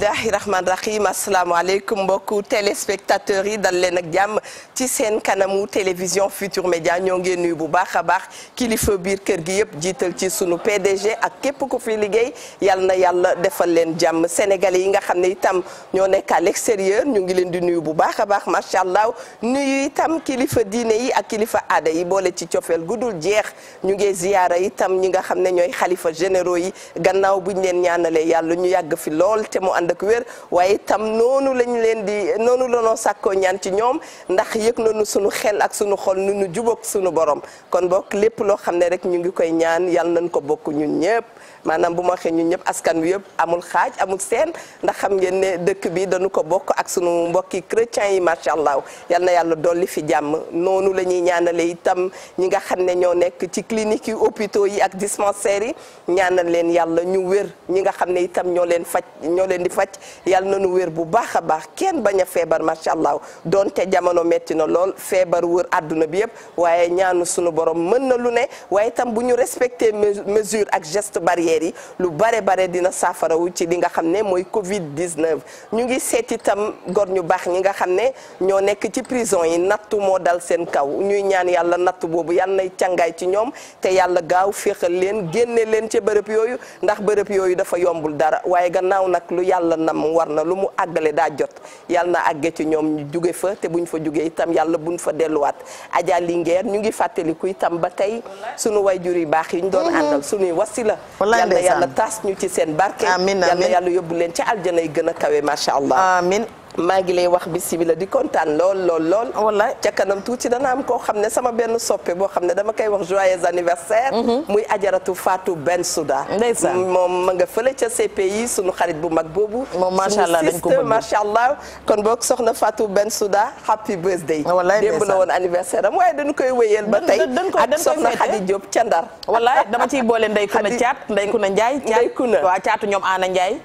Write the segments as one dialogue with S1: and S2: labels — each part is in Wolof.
S1: bismillahi rahman rahim asalaamaaleykum mbokku téléspectateurs yi dal leen ak jàmm ci seen kanamu télévision Futur Média ñoo ngeen nuyu bu baax a baax kilifa biir kër gi yëpp jiital ci sunu PDG ak képp ku fi liggéey yal na yàlla defal leen jàmm sénégalais yi nga xam ne itam ñoo nekk à l'extérieur ñu ngi leen di nuyu bu baax a baax macha allah nuyu itam kilifa diine yi ak kilifa aada yi boole ci cofeel gudul jeex ñu ngi ziyaara itam ñi nga xam ne ñooy xalifa généraux yi gannaaw buñ leen ñaanalee yàlla ñu yàgg fi lool ànd ak wér waaye itam noonu lañ leen di noonu lanoo sàkkoo ñaan ci ñoom ndax yëg nañu suñu xel ak suñu xol nu nu jubóog suñu borom kon bokk lépp loo xam ne rek ñu ngi koy ñaan yàlla nañ ko bokk ñun ñëpp maanaam bu ma waxee ñun ñëpp askan wi yëpp amul xaaj amul seen ndax xam ngeen ne dëkk bi dañu ko bokk ak sunu mbokki chrétiens yi macha allah yal na yàlla li fi jàmm noonu la ñuy ñaanale itam ñi nga xam ne ñoo nekk ci cliniques yi hôpitaux yi ak dispensaires yi ñaanal leen yàlla ñu wér ñi nga xam ne itam ñoo leen faj ñoo leen di faj yàlla nañu wér bu baax a baax kenn bañ a feebar macha allah donte jamono metti na lool feebar wër àdduna bi yëpp waaye ñaanu mën na lu ne waaye itam barrières lu bare bare dina saafarawu ci li nga xam ne mooy Covid 19. ñu ngi seet itam gor ñu baax ñi nga xam ne ñoo nekk ci prison yi nattu moo dal seen kaw ñuy ñaan yàlla natt boobu yal nay càngaay ci ñoom te yàlla gaaw féexal leen génne leen ca bërëb yooyu ndax bërëb yooyu dafa yombul dara waaye gannaaw nag lu yàlla nam war na lu mu àggale daa jot yàlla na àgge ci ñoom ñu juge fa te bu buñ fa jugee itam yàlla buñ fa delluwaat Adja Linguère ñu ngi fàttaliku itam ba tey sunu wayjur yu baax yi ñu doon mm-hmm. àndal sunuy wasila yàlla yàlla taas ñu barke. amiin amiin yàlla yàlla yóbbu leen ci aljana yi gën a allah. maa ngi lay wax bisimilah di kontaan lool lool lool. wallaay ca kanam tuuti dana am koo xam ne sama benn soppe boo xam ne dama koy wax joyeux anniversaire. Mhm. muy ajaratu Fatou Bensouda. ndeysaan moom ma nga fële ca CPI sunu xarit bu mag boobu. moom macha allah dañ ko bëgg macha allah kon boog soxna benn Bensouda happy birthday. wallaay démb la woon anniversaire am waaye dañu koy wéyal ba tey.
S2: ak soxna Khady Diop ca Ndar. wallaay dama ciy boole Ndeye Kuna Caat Ndeye Kuna Ndiaye. Ndeye Kuna waaw Caatu ñoom Ana Ndiaye.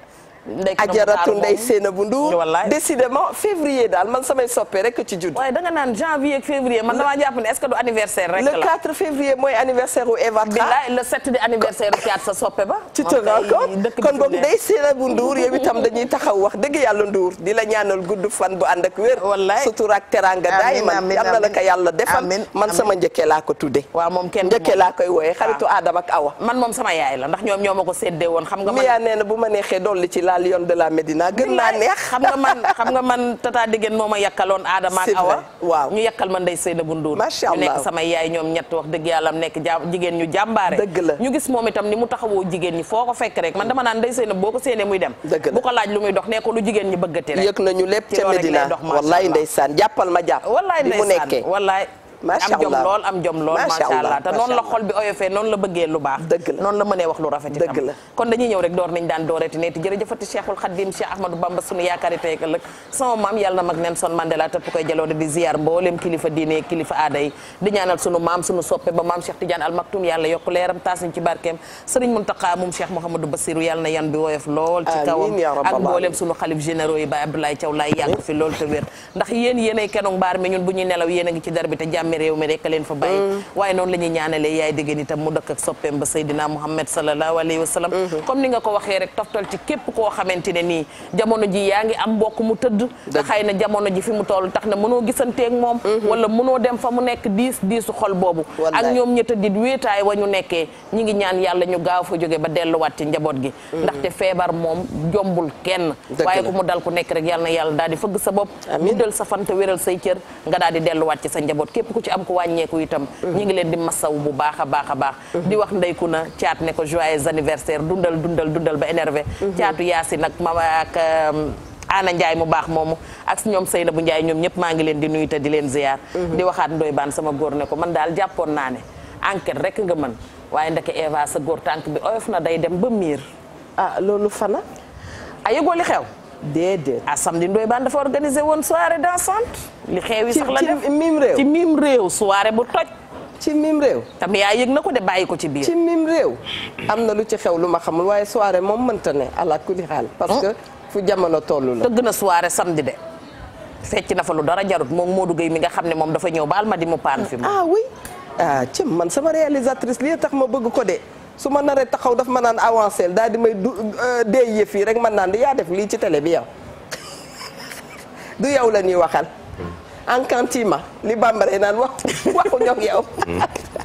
S2: ajaratu ndey seena bu nduur décidément février daal man samay soppee rek ci judd da man damaa jàpp ne la le 4
S1: février mooy anniversaire u Eva Tra le 7 di anniversaire u Thiat sa soppe ba ci tëral ko kon boog ndey seena bu nduur yow itam dañuy taxaw wax dëgg yàlla nduur di la ñaanal gudd fan bu ànd ak wér sutur ak teranga daay na la yàlla defal man sama njëkkee laa ko tudde waaw njëkkee laa koy wooyee ah. xaritu Adama Awa man moom sama la Lionne de la Médina gën naa neex
S2: xam nga man xam nga man tata Degen moo ma yakkaloon Adama ak Awa waaw ñu yakkal ma ndey Seyna Bundour macha allah ñu nekk samay yaay ñoom ñett wax dëgg yàlla mu nekk ja jigéen ñu jàmbaare dëgg la ñu gis moom itam ni mu taxawoo jigéen ñi foo ko fekk rek man dama naan ndey na boo ko séenee muy dem bu ko laaj lu muy dox nee ko lu jigéen ñi bëggati rek yëg nañu lépp ca Médina wallaay
S1: ndeysaan jàppal ma jàpp wallaay ndeysaan
S2: wallaay macha allah am jom lool am jom lool macha allah te noonu la xol bi oyofee noonu la bëggee lu baax noonu la mënee wax lu rafet kon dañuy ñëw door nañ daan dooreeti neeti jërëjëfati Cheikhul Khadim Cheikh Ahmadou Bamba sunu yaakaari yi di ñaanal sunu maam sunu soppe ba maam Cheikh Tidiane Al yàlla yokku leeram ci barkeem sëriñ Muntaqa moom Cheikh Mouhamadou Bassirou yàlla yan bi woyof lool ci kawam ak mboolem sunu xalif généraux yi Baye Abdoulaye Thiaw laay a ne réew mi rek a leen fa bàyyi mm. waaye noonu la ñuy yaay dëggéen mu dëkk ak soppeem ba Seydina Muhammad sallallahu alayhi wa mm-hmm. comme ni nga ko waxee rek toftal ci képp koo xamante ne nii jamono ji yaa ngi am mbokk mu tëdd nga xëy na jamono ji fi mu toll tax na mënoo gisanteeg moom mm-hmm. wala mënoo dem fa mu nekk diis diisu xol boobu ak ñoom ñi di wéetaay wa ñu nekkee ñi ngi ñaan yàlla ñu gaaw fa jóge ba delluwaat ci njaboot gi mm-hmm. ndaxte feebar moom jombul kenn waaye ku mu dal ku nekk rek yàlla na yàlla daal sa bopp guddal sa fanta wéral say ci am ku wàññeeku itam ñi ngi leen di masaw bu baax a baax a baax di wax ndeyku na caat ne ko joyeux anniversaire dundal dundal dundal ba énervé caatu yaasi nag ma ak euh, Ana Ndiaye mu baax moomu ak ñoom na bu Ndiaye ñoom ñëpp maa ngi leen di nuyu te di leen ziyaar di waxaat ndoy baan sama góor ne ko man daal jàppoon naa ne enquête rek nga mën waaye ndeke Eva sa góor tànk bi oyof na day dem ba miir ah loolu fana a ah, yëgoo xew déedéet ah samedi Ndoye Bane dafa organisé woon soirée dansante li xew sax la def ci mim réew ci mim réew soirée bu toj ci mim réew tam yaa yëg na ko de bàyyi ko ci biir ci mim réew am na lu ci xew lu ma xamul waaye soirée moom mënta ne ala kulli parce que fu jamono toll la tëgg na soirée samdi de fecc na fa lu dara jarut moom moo Gueye mi nga xam ne moom dafa ñëw baal ma di mu paan fi ah oui ah,
S1: man sama réalisatrice lii tax ma bëgg ko de su ma naree taxaw daf ma naan avancé daal di may du euh, dee yëf yi rek man naan yaa def lii ci télé bi yow du yow la ñuy waxal. Hmm. en quantiment li bambare naan wax waxuñu ak yow. Hmm.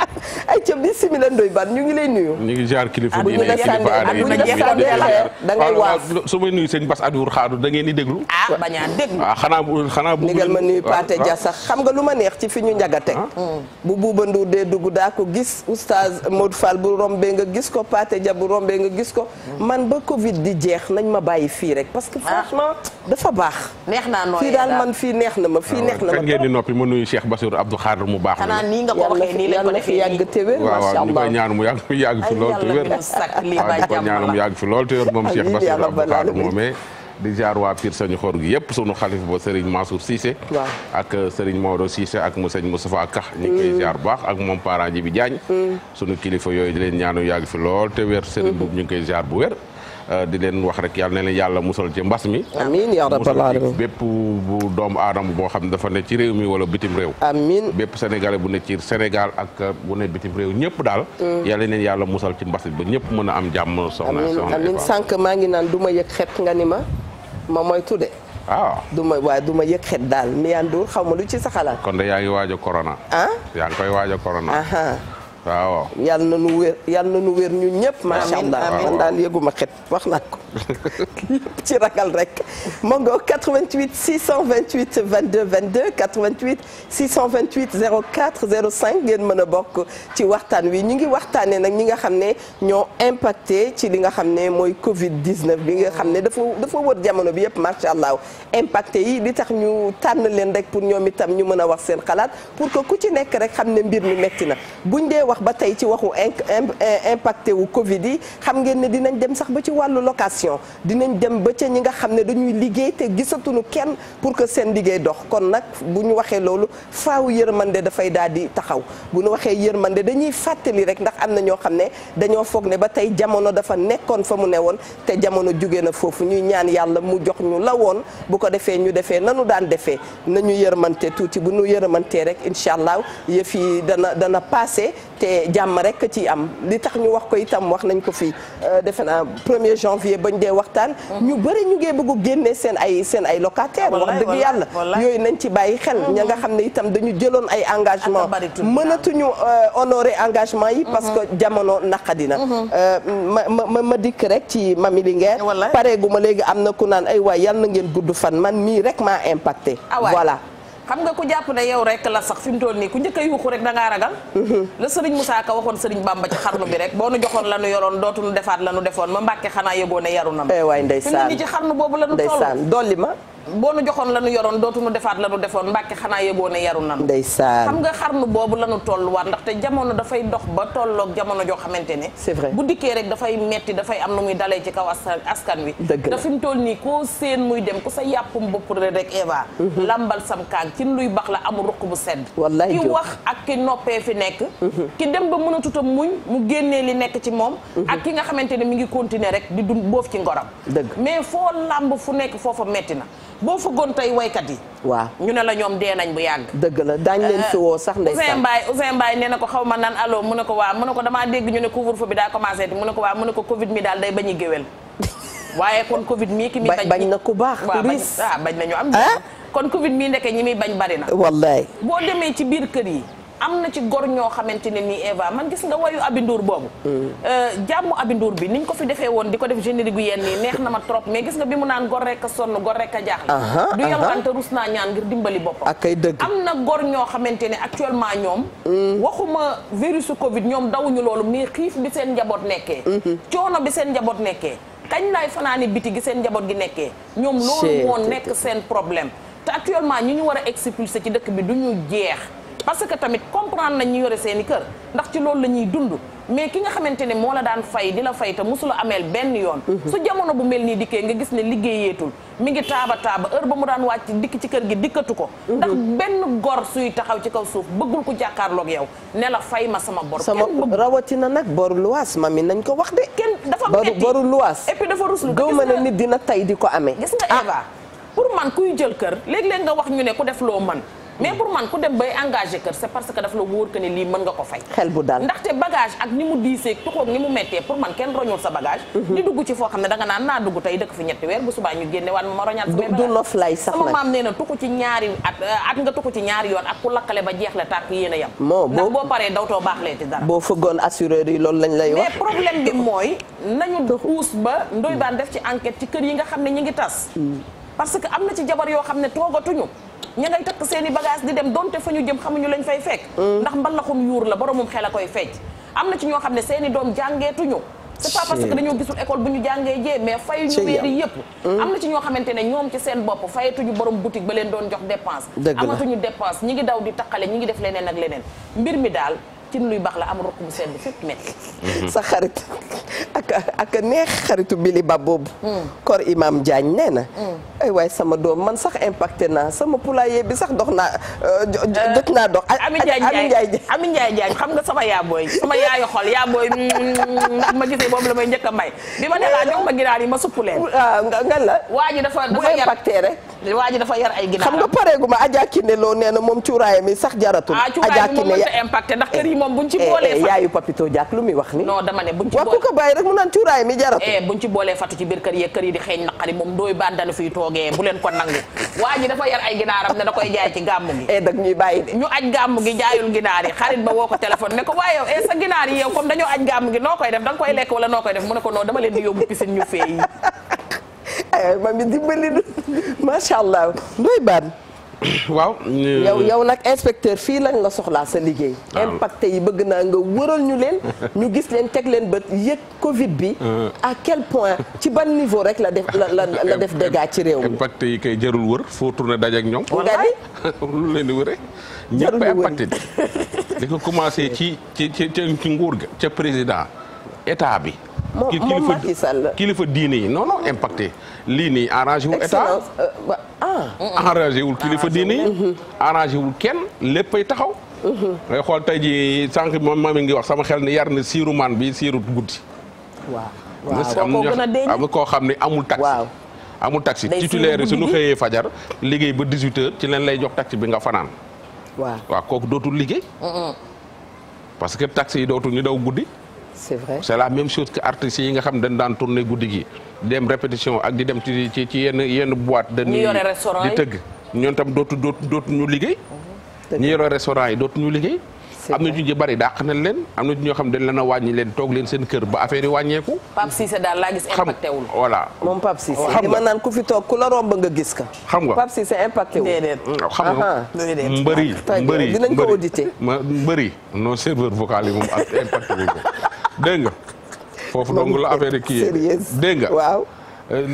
S1: ay ca bismilla Ndoye Bane ñu ngi lay nuyu. ñu ngi jaar kilifa ah, diine kilifa aada yi nag da ngay waaf
S3: su may nuyu sëñ Bass Abdou Khadre da ngeen di déglu. ah bañ a déglu waaw ah, xanaa xanaa. bu ngeen ma nuyu Pathé Dia sax
S1: xam nga lu ma neex ci fi ñu njaga teg. Ah. bu Bouba Ndour dee dugg daa ko gis oustaz Modou Fall bu rombee nga gis ko Pathé Dia bu rombee nga gis ko. man ba Covid di jeex nañ ma bàyyi fii rek parce que franchement dafa baax.
S2: neex naa nooyee fii daal
S1: man fii neex na ma fii neex na ma. kan
S3: ngeen di noppi ma nuyu Cheikh Bassirou Abdou Khadre mu baax. xanaa nii nga
S1: ko waxee nii lañ ko defee te wér waaw ñu koy ñaan mu
S3: yàgg fi yàgg fi lool te wér
S1: waaw ñu koy ñaan mu
S3: yàgg fi lool te wér moom Cheikh Bassirou Abdou Khadre moomee di jaar waa Pire sañu xor gi yëpp sunu xalif ba Serigne Mansour Cissé ak euh, Serigne Maodo Cissé ak mu sëñ Moustapha Ka ñu ngi koy jaar mm. baax ak moom parent ji bi Diagne mm. sunu kilifa yooyu di leen ñaanu yàgg fi lool te weer Serigne mm-hmm. boobu ñu ngi koy jaar bu wér Euh, di leen wax rek yàlla na yàlla musal ci mbas mi. amiin yaa
S1: bépp bu
S3: doomu aadama boo xam ne dafa ne ci réew mi wala bitim réew. amiin bépp sénégalais bu ne ci Sénégal ak euh, bu ne bitim réew ñëpp daal. Mm. yàlla na yàlla musal ci mbas mi ba ñëpp mën a am jàmm. soxna soxna amiin sànq
S1: maa ngi naan du ma yëg xet nga ni ma ma mooy tudde waaw ah. ma waaye du ma yëg xet daal mi yaa xaw ma lu ci sa xalaat.
S3: kon de ngi waaj a corona. ah yaa ngi koy waaj a corona.
S1: waaw yal na nu wér yal na nu wér ñun ñëpp. macha allah man daal yëguma xet wax naa ko ci ragal rek. Mongo 88 628 22 22 88 628 04 05 ngeen mën a bokk ci waxtaan wii ñu ngi waxtaanee nag ñi nga xam ne ñoo impacté ci li nga xam ne mooy Covid 19 bi nga xam ne dafa dafa wër jamono bi yëpp macha allah impacté yi li tax ñu tànn leen rek pour ñoom itam ñu mën a wax seen xalaat pour que ku ci nekk rek xam ne mbir mi metti na buñ dee wax. ba tey ci waxu eh, impacté wu Covid yi xam ngeen ne dinañ dem sax ba ci wàllu location dinañ dem ba ca ñi nga xam ne dañuy liggéey te gisatuñu kenn pour que seen liggéey dox kon nag bu ñu waxee loolu faaw yërmande dafay daal di taxaw bu nu waxee yërmande dañuy fàttali rek ndax am na ñoo xam ne dañoo foog ne ba tey jamono dafa nekkoon fa mu ne woon te jamono jóge na foofu ñuy ñaan yàlla mu jox ñu la woon bu ko defee ñu defee nanu daan defee nañu yërmante tuuti bu ñu yërmantee rek incha allah yëf dana dana passé te jàmm rek ci am li tax ñu wax ko itam wax nañ ko fii euh, defe naa 1er janvier bañ dee waxtaan. ñu bëri ñu ngee bëgg génne seen ay seen ay locataires. wax dëgg yàlla yooyu nañ ci bàyyi xel. Mm-hmm. ña nga xam ne itam dañu jëloon ay engagement mënatuñu euh, honorer engagement yi. parce que mm-hmm. jamono naqadina. Mm-hmm. Euh, ma ma ma dikk rek ci Mami Linguère. pareegu ma léegi am na ku naan ay waay yal na ngeen gudd fan man mii rek maa impacté.
S2: Ah, voilà. xam nga ku jàpp ne yow rek la sax fi mu nii ku njëkk a yuuxu rek da ngaa ragal mm-hmm. la sëriñ Moussa Ka waxoon sëriñ Bamba ci xarnu bi rek boo nu joxoon la nu yoroon dootu nu defaat la nu defoon ma Mbàkke xanaa yëgoon ne yaru na ma eh waay ndeysaan ñu ci xarnu boobu la nu toll ndeysaan dolli ma boo nu joxoon la nu yoroon dootu nu defaat la nu defoon mbàkke xanaa yeboo ne yaru nanu
S1: ndeysaan xam
S2: nga xarnu boobu la nu tolluwaat ndaxte jamono dafay dox ba tolloog jamono joo xamante ne c'est bu dikkee rek dafay metti dafay am nu muy dalee ci kaw askan wi dafi mu toll nii koo seen muy dem ku sa yàppum bopp rek Eva mhm. lambal sam kaang luy bax la amul ruq bu sedd wallaay ki wax ak ki noppee fi nekk mhm. ki dem ba mën a tuta muñ mu génnee li nekk ci moom mhm. ak ki nga xamante ne mi ngi continuer rek di dund boof ci ngoram dëgg mais foo lamb fu nekk foofu metti na boo fëggoon tey waykat yi. waaw ñu ne la ñoom dee nañ bu yàgg.
S1: dëgg la daañu leen fi euh, woo sax ndeysaan Ousseyn
S2: Mbaye Ousseyn Mbaye nee na ko xaw ma naan allo mu ne ko waa mu ne ko damaa dégg ñu ne couvre feu bi daa commencé mu ne ko waa mu ne ko Covid mi daal day bañ géwél waaye kon Covid mii ki muy bañ na ku baax ku riis waaw bañ nañu am. kon Covid mii ndeke ñi muy bañ bari na. wallaay boo demee ci biir kër yi. am na ci gor ñoo xamante ne nii Eva man gis nga wayu abinduur boobu mm. euh, jàmm abinduur bi niñ ko fi defee woon di ko def générique gu yenn yi neex na ma trop mais gis nga bi mu naan gor rek a sonn gor rek a jaaxle du yalwaan te rus naa ñaan ngir dimbali boppam ak kay dëgg am na gor ñoo xamante ne actuellement ñoom mm. waxuma virusu covid ñoom dawuñu loolu mii xiif bi seen njaboot nekkee mm-hmm. coono bi seen njaboot nekkee kañ laay fanaani biti gi seen njaboot gi nekkee ñoom nekk seen problème te actuellement ñi ñu war a expulsé ci dëkk bi du ñu jeex parce que tamit comprendre nañ ñu yore seeni kër ndax ci loolu la ñuy dund mais ki nga xamante ne moo la daan fay di la fay te musula ameel benn yoon mhm. su jamono bu mel nii dikkee nga gis ne liggéeyeetul mi ngi taaba taaba heure ba mu daan wàcc dikk ci kër gi dikkatu ko mhm. ndax benn gor suy taxaw ci kaw suuf bëggul ku jàkkaarloog yow ne la fay ma sama bor sama
S1: rawatina nag boru luwaas ma mi nañ ko wax de kenn
S2: dafa metti boru
S1: luwaas et puis dafa ruslu dina tay di ko amee gis nga Eva ah.
S2: pour man kuy jël kër léeg-léeg nga wax ñu ne ku def man mais pour man ku dem bay engagé kër c'est parce que daf la wóor que ne lii mën nga ko fay xel bu dal ndaxte bagage ak ni mu diisee tuxoog ni mu méttee pour man kenn roñul sa bagage mhm. di dugg ci foo xam ne da nga naan naa dugg tey dëkk fi ñetti weer bu subaa ñu génne waat ma roñaat du lof lay sax na tuxu ci ñaari at at nga tuxu ci ñaari yoon ak ku lakkale ba jeex la tàkk yéen a yem ndax boo paree dawtoo baax lee ci dara boo
S1: fëggoon assureur yi loolu lañ lay wax mais
S2: problème ndoy daan def ci enquête ci kër yi nga xam ne ñi ngi tas mm. parce que am na ci jabar yoo xam ne toogatuñu ña ngay takk seen i di dem donte fa ñu jëm xamuñu lañ fay fekk mm. ndax mbalaxum yuur la boromum xel a koy fecc am na ci ñoo xam ne seen i doom jàngeetuñu c'est pas parce dañoo gisul école bu ñu jàngee jee mais fay ñu weer yi am na ci ñoo xamante ne ñoom ci seen bopp fayatuñu borom boutique ba leen doon jox dépense amatuñu dépense ñi ngi daw di taqale ñi ngi def leneen ak leneen mbir mi daal cin luy baax la am ruq bu sedd fépp metti
S1: mhm. sa xarit ak ak neex xaritu bili ba boobu mm. kor imam Diagne nee na mm. ay waay sama doom man sax impacté naa sama
S2: poulailler bi sax dox naa euh, euh, jot naa dox Amin Ndiaye Amin Ndiaye Diagne xam nga sama yaabooy sama yaayu xol yaabooy mm, ndax ma gisee boobu la may njëkk a may bi ma ne ma ginaar yi ma suppu leen waaw nga la waa ji dafa dafa yar impacté rek waa dafa yar ay ginaar xam nga
S1: pareegu ma Adja Kine loo nee na moom cuuraay mi sax jaratul ah, Adja Kine
S2: impacté ndax kër yi moom buñ ci eh, boolee eh, fatu yaayu papito jàkk lu muy wax ni non dama ne
S1: buñ ci boolee wax ku ko bàyyi rek mu naan cuuraay mi
S2: jaratu eh, buñ ci boolee fatu ci biir kër yi di xeeñ naqari moom dooy baan dana fiy toogee bu leen ko nangu waa ne da koy jaay ci gàmmu gi dag ko téléphone ne ko waaye yow e sa ginaar yi yow comme dañoo aj gàmmu gi noo koy def da koy lekk wala noo koy def mu ne ko non dama leen di yóbbu ñu fee yi
S1: ay mami dimbali macha allah dooy baan waaw. yow nag inspecteur fii lañ la soxlaa sa liggéey. impacté yi bëgg naa nga wëral ñu leen. ñu gis leen teg leen bët yëg Covid bi. Mm. à quel point ci ban niveau rek la def la la def dégâts ci réew mi.
S3: impacté yi kay jarul wër foo tourné dajeeg ñoom. wallaay lu leen di wëree. jarul wër ñëpp impacté di. di ko commencé ci ci ci nguur ga. ca président état bi. moom moom kilifa diine yi non non impacté lii nii état.
S1: Ah. Ah. arrangé
S3: wul kilifa diine yi arrangé wul kenn léppay taxaw mhm. ngay xool tey ji sànq moom maa ngi wax sama xel ni yar na siiru maan bi siiru guddi
S4: waaw
S3: am koo xam ne amul taxi amul taxi titulaire yi suñu xëyee fajar liggéey ba 18 heures ci leen lay jox taxi bi nga fanaan waaw kook kooku dootul liggéey parce que taxi yi dootul ñu daw guddi c'est vrai c'est la même chose que artistes yi nga xam dañ daan tourner guddi gi dem répétition ak di dem ci ci yenn yenn boîte de nuit di tëgg ñoom dootu ñu liggéey ñu yore restaurant yi dootu ñu liggéey am na ñu ci bari dàq nañ leen am na ñoo xam dañ leen a wàññi leen toog leen seen kër ba affaire yi wàññeeku.
S2: Pape Cissé daal laa gis impacté
S1: toog ku la romb gis ka. xam nga Pape Cissé impacté wul. déedéet mm, xam nga ah, ah. Mm, mbëri mbëri dinañ ko
S3: audité. ma mbëri non serveur vocal moom impacté dégg nga foofu dong la affaire kii yee dégg nga waaw euh,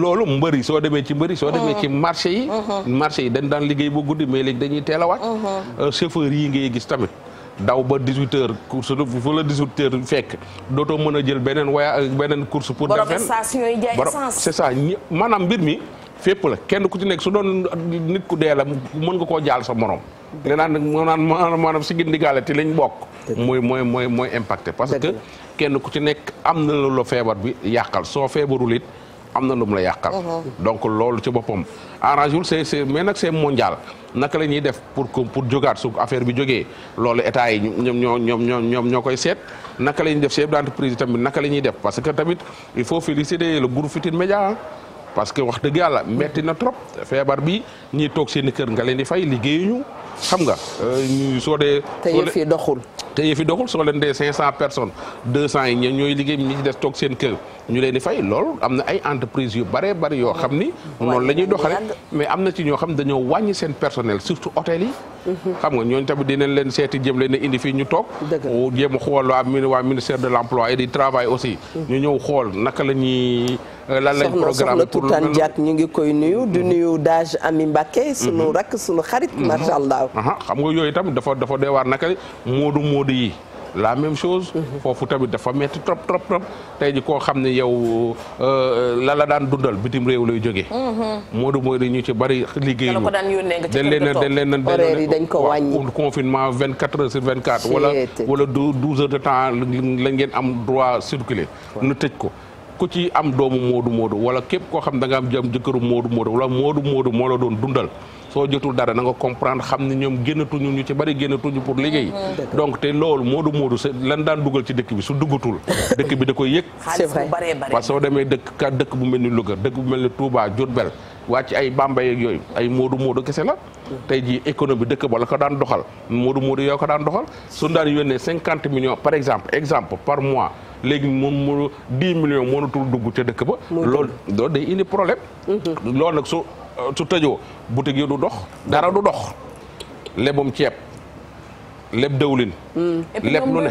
S3: loolu mbëri soo demee ci mbëri soo mm-hmm. demee ci marché yi mm-hmm. marché yi dañ daan liggéey ba guddi mais léegi dañuy teel a waat mm-hmm. euh, chauffeur yi ngay gis tamit daw ba 18 heures course du fu la 18 heures fekk dootoo mën a jël beneen waya euh, beneen course pour dem fenn borom
S2: station yi jaay
S3: c'est ça maanaam mbir mi fépp la kenn ku ci nekk su doon nit ku dee la mën nga koo jaal sa morom. dëgg la maanaam maanaam si gindigaale te lañ bokk. mooy mooy mooy mooy impacté. parce que kenn ku ci nekk am na lu la feebar bi yàqal soo feebarul it am na lu mu la yàqal. Uh-huh. donc loolu ci boppam arrangé wul c'est c'est mais nag c'est mondial naka la ñuy def pour que pour jógaat su affaire bi jógee loolu état yi ñoom ñoo ñoom ñoo ñoom ñoo koy seet naka la ñuy def chef d'entreprise tamit naka la ñuy def parce que tamit il faut féliciter le groupe Futurs Médias parce que wax dëgg yàlla metti na trop feebar bi ñiy toog seen i kër nga leen di fay liggéeyuñu xam nga. Euh, soo de te yëf fi doxul. te yëfi doxul soo leen dee 500 personnes 200 yi ñoom ñooy liggéey ñi ci des toog seen kër ñu leen di fay loolu am na ay entreprises yu bare bari yoo xam ni. noonu la ñuy doxale mais am na ci ñoo xam dañoo wàññi seen personnel surtout hôtel yi. Mhm. xam nga ñooñu tamit leen seeti jëm leen indi fii ñu toog. dëgg jéem a ministère de l' emploi et du travail aussi. Mhm. ñu ñëw xool naka la ñuy. Euh, lan lañ programme pour soxna Tutaan
S1: ñu ngi koy nuyu di mhm. nuyu Dage Ami Mbacké. sunu rakk sunu xarit. macha allah.
S3: xam nga yooyu tam dafa dafa deewaar naka Moodu fraude la même chose foofu tamit dafa metti trop trop trop tey ji koo xam ne yow euh, euh, la la daan dundal bitim réew lay jógee mm-hmm. moodu moodu ñu ci bari liggéey
S2: dañ leen dañ leen horaire dañ
S3: ko wàññi confinement vingt quatre heures sur vingt quatre wala wala douze heures de temps la ngeen am droit circuler nu tëj ko ku ci am doomu moodu moodu wala képp koo xam da nga am jam jëkkëru moodu moodu wala moodu moodu moo la doon dundal soo jotul dara na nga comprendre xam ne ñoom génnatuñu ñu ci bari génnatuñu pour liggéey donc te loolu moodu moodu lan daan dugal ci dëkk bi su dugatul dëkk bi da koy yëg parce que soo demee dëkk ka dëkk bu mel ni Louga dëkk bu mel ni Touba Diourbel wàcc ay Bambey ak yooyu ay moodu moodu kese na tey jii économie dëkk ba la ko daan doxal moodu moodu yoo ko daan doxal suñu daan yónnee cinquante millions par exemple exemple par mois léegi moom mu dix millions mënatul dugg ca dëkk ba loolu loolu day indi problème mm-hmm. loolu nag su tëjoo boutique yi du dox dara du dox lebum ceeb lépp dëwlin
S2: mm. lépp lu ne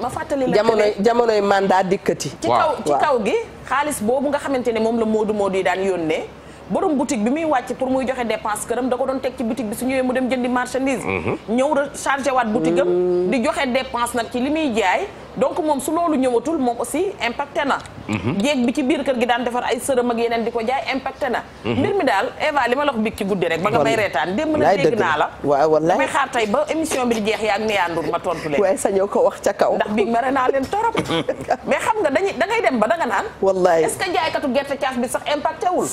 S2: ma fàttali la jamonoy jamonoy
S1: dikkati. waaw ci kaw
S2: gi xaalis boobu nga xamante ne moom la Modou Modou yi daan yónnee. borom boutique bi muy wàcc pour muy joxe dépense këram da ko doon teg ci boutique bi su ñëwee mu dem jëndi marchandise mhm. ñëw rechargé waat boutique mm. di joxe dépense nag ci li muy jaay donc moom su loolu ñëwatul moom aussi impacté na mhm. jéeg bi ci biir kër gi daan defar ay sërëm ak yeneen di ko jaay impacté na mhm. mbir mi daal Eva li ma la wax biig ci guddi rek ba nga may reetaan démb na dégg naa la waaw xaar tey ba émission bi di jeex yaa ak Néa Ndour ma tontu leen waaye ko wax ca kaw ndax biig mere naa mais xam nga dañuy da ngay dem ba da nga naan wallaay est gerte caaf bi sax impacté wul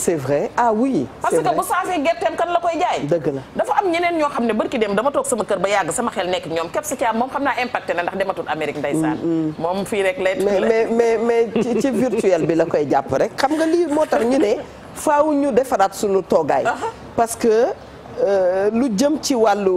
S2: ah oui parce que bu saasee gerteem kan la koy jaay dëgg la dafa am ñeneen ñoo xam ne barki dem dama toog sama kër ba yàgg sama xel nekk ñoom képp si caam moom xam naa impacté na ndax dematul Amérique ndeysaan mm, mm. moom fii rek lay mais
S1: mais mais ci virtuel bi la koy jàpp rek xam nga lii moo tax ñu ne faaw ñu defaraat suñu toogaay parce que Euh, lu jëm ci wàllu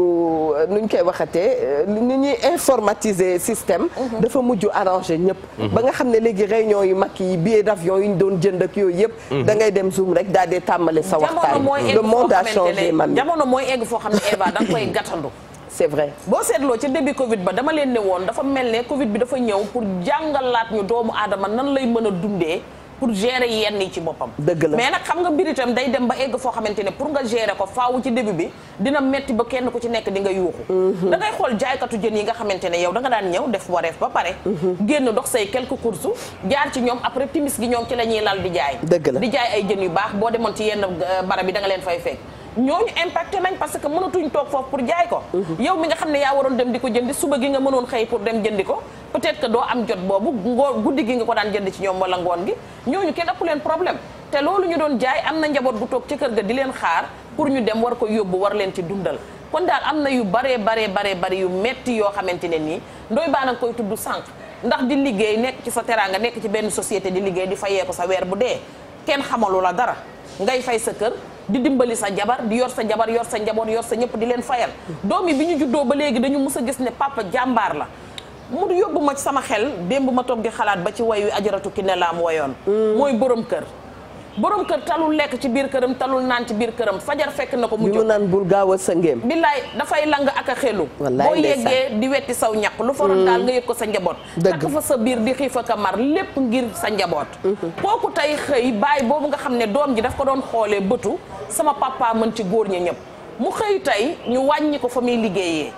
S1: euh, nuñ koy waxatee euh, ni ñuy informatiser système. Mhm. dafa mujj arranger ñëpp. Mhm. ba nga xam ne léegi réunion yu mag yi billet d'avion yi ñu doon jënd ak
S2: yooyu yëpp. Mhm. da ngay dem zoom rek daal di tàmbali sa waxtaan. le monde a changé man jamono mooy egg foo xam ne Eva da nga koy gàttandu. c'est vrai boo seetloo ca début Covid ba dama leen ne woon dafa mel ne Covid bi dafa ñëw pour jàngalaat ñu doomu aadama nan lay mën a dundee. pour gérer yenn yi ci boppam.
S1: dëgg la mais nag
S2: xam nga mbir itam day dem ba egg foo xamante ne pour nga gérer ko faawu ci début bi dina metti ba kenn ku ci nekk di yuuxu. Mhm. da ngay xool jaaykatu jën yi nga xamante ne yow danga daan ñëw def wareef ba pare. Mhm. génn dox say quelques courses jaar ci ñoom après timis gi ñoom ci la ñuy lal di jaay. dëgg la di jaay ay jën yu baax boo demoon ci yenn euh, barab yi danga leen fay fekk. ñooñu impacté nañ parce que mënatuñ toog foofu pour jaay ko. Mhm. yow mi nga xam ne yaa waroon dem di ko jëndi suba gi nga mënoon xëy pour dem jëndi peut-être doo am jot boobu ngoo guddi gi nga ko daan jënd ci ñoom wala ngoon gi ñooñu kenn ëpp leen problème te loolu ñu doon jaay am na njaboot bu toog ci kër ga di leen xaar pour ñu dem war ko yóbbu war leen ci dundal kon daal am na yu bare baree baree bari yu metti yoo xamante ne nii ndoy baa nag koy tudd sànq ndax di liggéey nekk ci sa teraanga nekk ci benn société di liggéey di fayee ko sa weer bu dee kenn xamalu la dara ngay fay sa kër di dimbali sa jabar di yor sa jabar yor sa njaboot yor sa ñëpp di leen fayal doomi bi ñu juddoo ba léegi dañu mës a gis ne papa jàmbaar la mu yóbbu ma sama xel démb ma toog di xalaat ba ci way ajaratu ki ne laam wayoon mm. mooy boroom kër boroom kër talul lekk ci biir këram talul naan ci biir këram fajar fekk na ko mu jóg naan bul gaaw a sëngeem billaay dafay lang ak a xelu boo yeggee di wetti saw ñaq lu faroon mm. daal nga yëg ko sa njaboot takk fa sa biir di xiif ak a mar lépp ngir sa njaboot mm-hmm. kooku tey xëy baay boobu nga xam ne doom ji daf ko doon xoolee bëtu sama papa mën ci góor ña ñëpp mu xëy tey ñu wàññi ko fa muy liggéeyee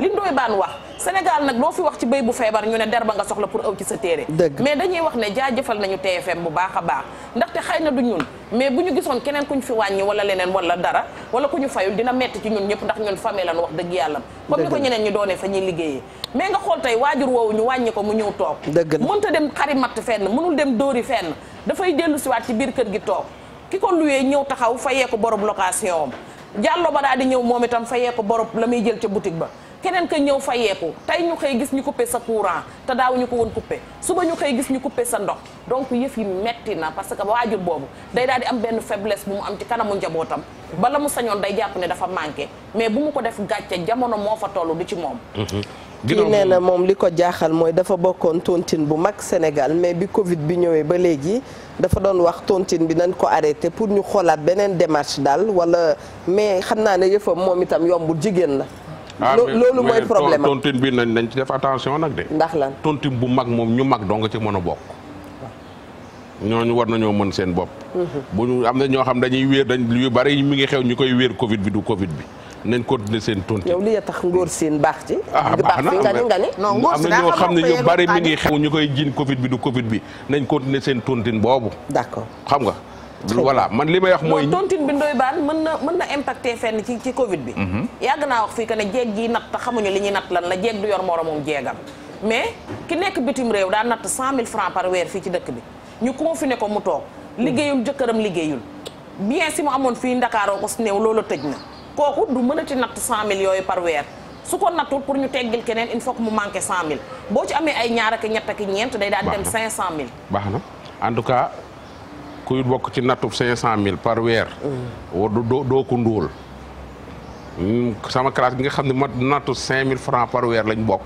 S2: li ndooy baan Sénégal nag loo fi wax ci béy bu feebar ñu ne dara ba nga soxla pour aw ci sa téere mais dañuy wax ne jaajëfal nañu TFM bu baax a baax ndaxte xëy na du ñun mais bu ñu gisoon keneen ku ñu fi wàññi wala leneen wala dara wala ku ñu fayul dina metti ci ñun ñëpp ndax ñun famille lañu wax dëgg yàlla comme ni ko ñeneen ñi doonee fa ñuy liggéeyee mais nga xool tey waajur woowu ñu wàññi ko mu ñëw toog mënta dem xari matt fenn mënul dem dóori fenn dafay dellu siwaat ci biir kër gi toog ki ko luyee ñëw taxaw fayee ko borom location am ba daal di ñëw moom itam fayee ko borom la muy jël ca boutique ba keneen ka ñëw fa fayeeku tey ñu xëy gis ñu coupé sa courant te daaw ñu ko woon coupé suba ñu xëy gis ñu coupé sa ndox donc yëf yi metti na parce que waajur boobu day daal di am benn faiblesse bu mu am ci kanamu njabootam bala mu sañoon day jàpp ne dafa manqué mais bu mu ko def gàcce jamono moo fa toll du ci moom
S1: mhm. kii nee na moom li ko jaaxal mooy dafa bokkoon tontine bu mag Sénégal mais bi Covid bi ñëwee ba léegi dafa doon wax tontine bi nañ ko arrêté pour ñu xoolaat beneen démarche daal wala mais xam naa ne yëfam moom itam yombul jigéen la Ah, loolu mooy problème
S3: tontine bi nañ nañ ci def attention nag de. ndax lan tontine bu mag moom ñu mag dong ci mën a bokk. ñooñu war nañoo mën seen bopp. Mhm. bu ñu am na ñoo xam dañuy wéer dañ yu bari mi ngi xew ñu koy wéer Covid bi du Covid bi. nañ continuer seen tontine
S1: yow li ya tax ngóor seen baax ci. Ah, na nga ne am na
S3: xam ne ñu bari mi ngi xew ñu koy jiin Covid bi du Covid bi nañ continuer seen tontine boobu. d'accord xam nga. voilà man li ma yox mooy.
S2: tontine bi ndoy baan mën na mën na impacté fenn ci ci Covid bi. Mhm. yàgg naa wax fii que ne jeeg gi natt xamuñu li ñuy natt lan la jeeg du yor moromum jeegam mais ki nekk bitim réew daa natt cent mille francs par weer fii ci dëkk bi ñu confiné ko mu toog. liggéeyul jëkkëram liggéeyul. bien si mu amoon fii Ndakaaroo ko su loolu tëj na kooku du mën a ci natt cent mille yooyu par weer. su ko nattul pour ñu teggil keneen il faut que mu manqué cent mille boo ci amee ay ñaar ak ñett ak ñeent day daal cent mille.
S3: baax na en tout kuy bokk ci nattu cinq cent mille par weer
S4: mm.
S3: doo doo ko ndóol mm, sama classe bi nga xam ne mat nattu cinq mille francs par weer lañ bokk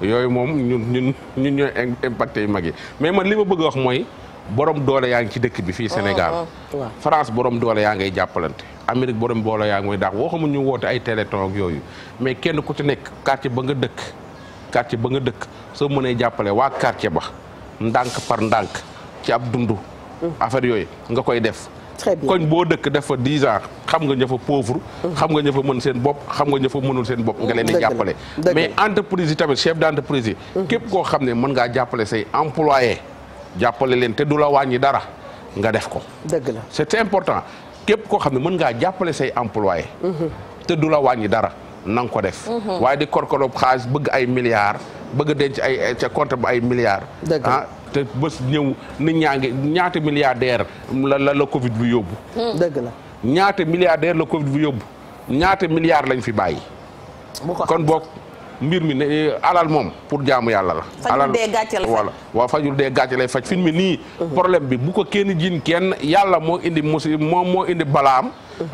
S3: yooyu moom ñun ñun ñun ñooy impacté yu mag yi mais man li ma bëgg a wax mooy borom doole yaa ngi ci dëkk bi fii Sénégal ah, ah, France borom doole yaa ngay jàppalante Amérique borom doole yaa ngi mooy daax woo xamul ñu woote ay téléthon ak yooyu mais kenn ku ci nekk quartier ba nga dëkk quartier ba nga dëkk soo mënee jàppale waa quartier ba ndànk par ndànk ci ab dund affaire yooyu nga koy def. très koñ boo dëkk def fa 10 ans xam nga ña fa pauvre. xam nga ña fa mën seen bopp xam nga ña fa mënul seen bopp. nga leen di jàppale mais entreprise yi tamit chef d' entreprise yi. képp koo xam ne mën ngaa jàppale say employé jàppale leen te du la wàññi dara nga def ko. dëgg la c' important képp koo xam ne mën ngaa jàppale say employé te du la wàññi dara na nga ko def. waaye di korkorob xaalis bëgg ay milliards bëgg denc ay ca compte ba ay milliards. te bés ñëw nit ñaa ngi ñaata milliardaire la la la Covid bi yóbbu. Hmm. dëgg la ñaata milliardaire la Covid bi yóbbu ñaata milliards lañ fi bàyyi. kon book mbir mi ne alal moom pour jaamu yàlla la. alal fajul dee gàcce lay faj waaw fin mi nii. Hmm. problème bi bu ko kenn jiin kenn yàlla moo indi musi moom moo indi balaam. Hmm.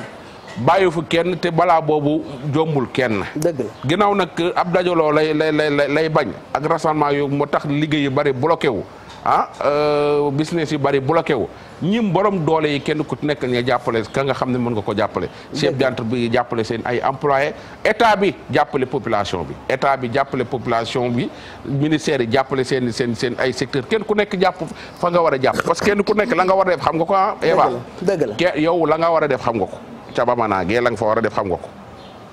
S3: bàyyi fu kenn te balaa boobu jombul kenn. dëgg la ginnaaw nag ab dajaloo lay lay lay lay bañ. ak rassemblement yu moo tax liggéey yu bari bloqué wu. ah euh, business yu bari bloqué wu ñim borom doole yi kenn ku nekk nga jàppale ka nga xam ne mën nga ko jàppale chef jàppale seen ay employé état bi jàppale population bi état bi jàppale population bi ministère yi jàppale seen seen seen ay secteur kenn ku nekk jàpp fa nga war jàpp parce que kenn ku nekk la nga war a def xam nga ah, yow la nga war a def xam nga ko cabamana gee la nga fa war a def xam nga ko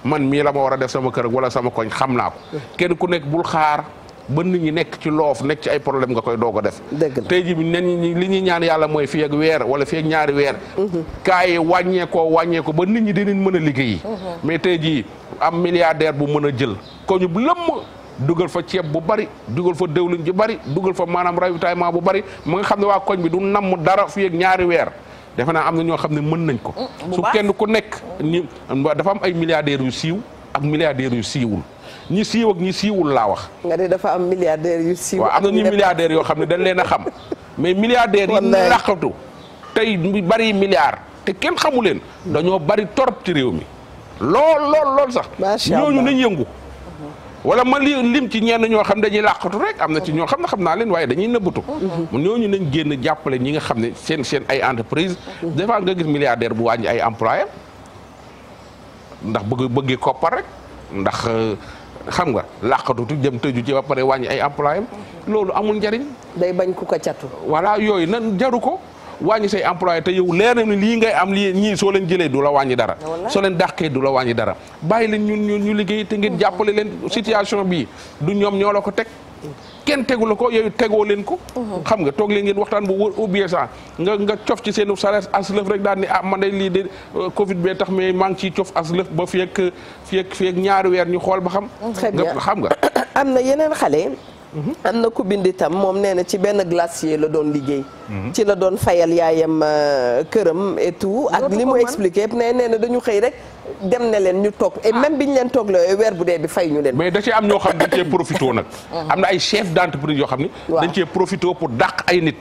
S3: man mii la ma war a def sama kër wala sama koñ xam naa ko kenn ku nekk bul xaar ba nit ñi nekk ci loof nekk ci ay problème nga koy doog a def tey ji nen li ñuy ñaan yàlla mooy fii ak weer wala fii ak ñaari weer mhm. kaa yi wàññeekoo wàññeekoo ba nit ñi dinañ mën a liggéey mhm. mais tey jii am milliardaire bu mën a jël ko ñu lëmm dugal fa ceeb bu bari dugal fa déwlin ju bari dugal fa maanaam ravitaillement bu bari mu xam ne waa koñ bi du namm dara fii ñaari weer defe naa am na ñoo xam ne mën nañ ko mm, su kenn ku nekk ni dafa am ay milliardaires yu siiw ak milliardaires yu siiwul ñi siiw ak ñi siiwul laa wax.
S1: nga ne dafa am milliardaires yu siiw. am na ñu milliardaires
S3: yoo xam ne dañ leen a xam mais milliardaires yi ñu laqatu tey mu bari milliards te kenn xamu leen dañoo bari torop ci réew mi lool lool lool sax. macha allah ñooñu nañ yëngu. wala ma li lim ci ñenn ñoo xam dañuy làqatu rek am na ci ñoo xam ne xam naa leen waaye dañuy nëbbatu mhm. ñooñu nañ génn jàppale ñi nga xam ne seen seen ay entreprise mhm. des fois nga gis milliardaire bu wàññi ay employé ndax bëgg bëgge koppar rek ndax euh, xam nga làqatutu jëm tëju ci ba pare wàññi ay employé loolu amul njariñ day bañ ku ko catu wala yooyu nan jaru ko wàññi say employé te yow leer na ni lii ngay am lii ñii soo leen jëlee du la wàññi dara soo leen dàqee du la wàññi dara bàyyi leen ñun ñun ñu liggéey te ngeen jàppale leen situation bi du ñoom ñoo la ko teg kenn tegu la ko yooyu tegoo leen ko. xam nga toog leen ngeen waxtaan bu wóor ou bien ça nga nga cof ci seenu salaire as lëf rek daan ni a ah, man day lii de euh, Covid bee tax mais maa ngi ciy cof as lëf ba fii ak fii fii ak ñaari weer ñu xool ba xam. nga xam nga.
S1: am na yeneen xale. am na ku bind itam moom nee na ci benn glacier la doon liggéey. Mhm. ci la doon fayal yaayam euh, këram et tout ak ni mu expliqué ne nee na dañu xëy rek dem na leen ñu toog et bi biñ leen toog la weer bu dee bi fay ñu leen.
S3: mais da cee am ñoo xam dañ cee profité nag. Mhm. am na ay chef d'entreprise yoo xam ni. dañ cee profité pour dàq ay nit.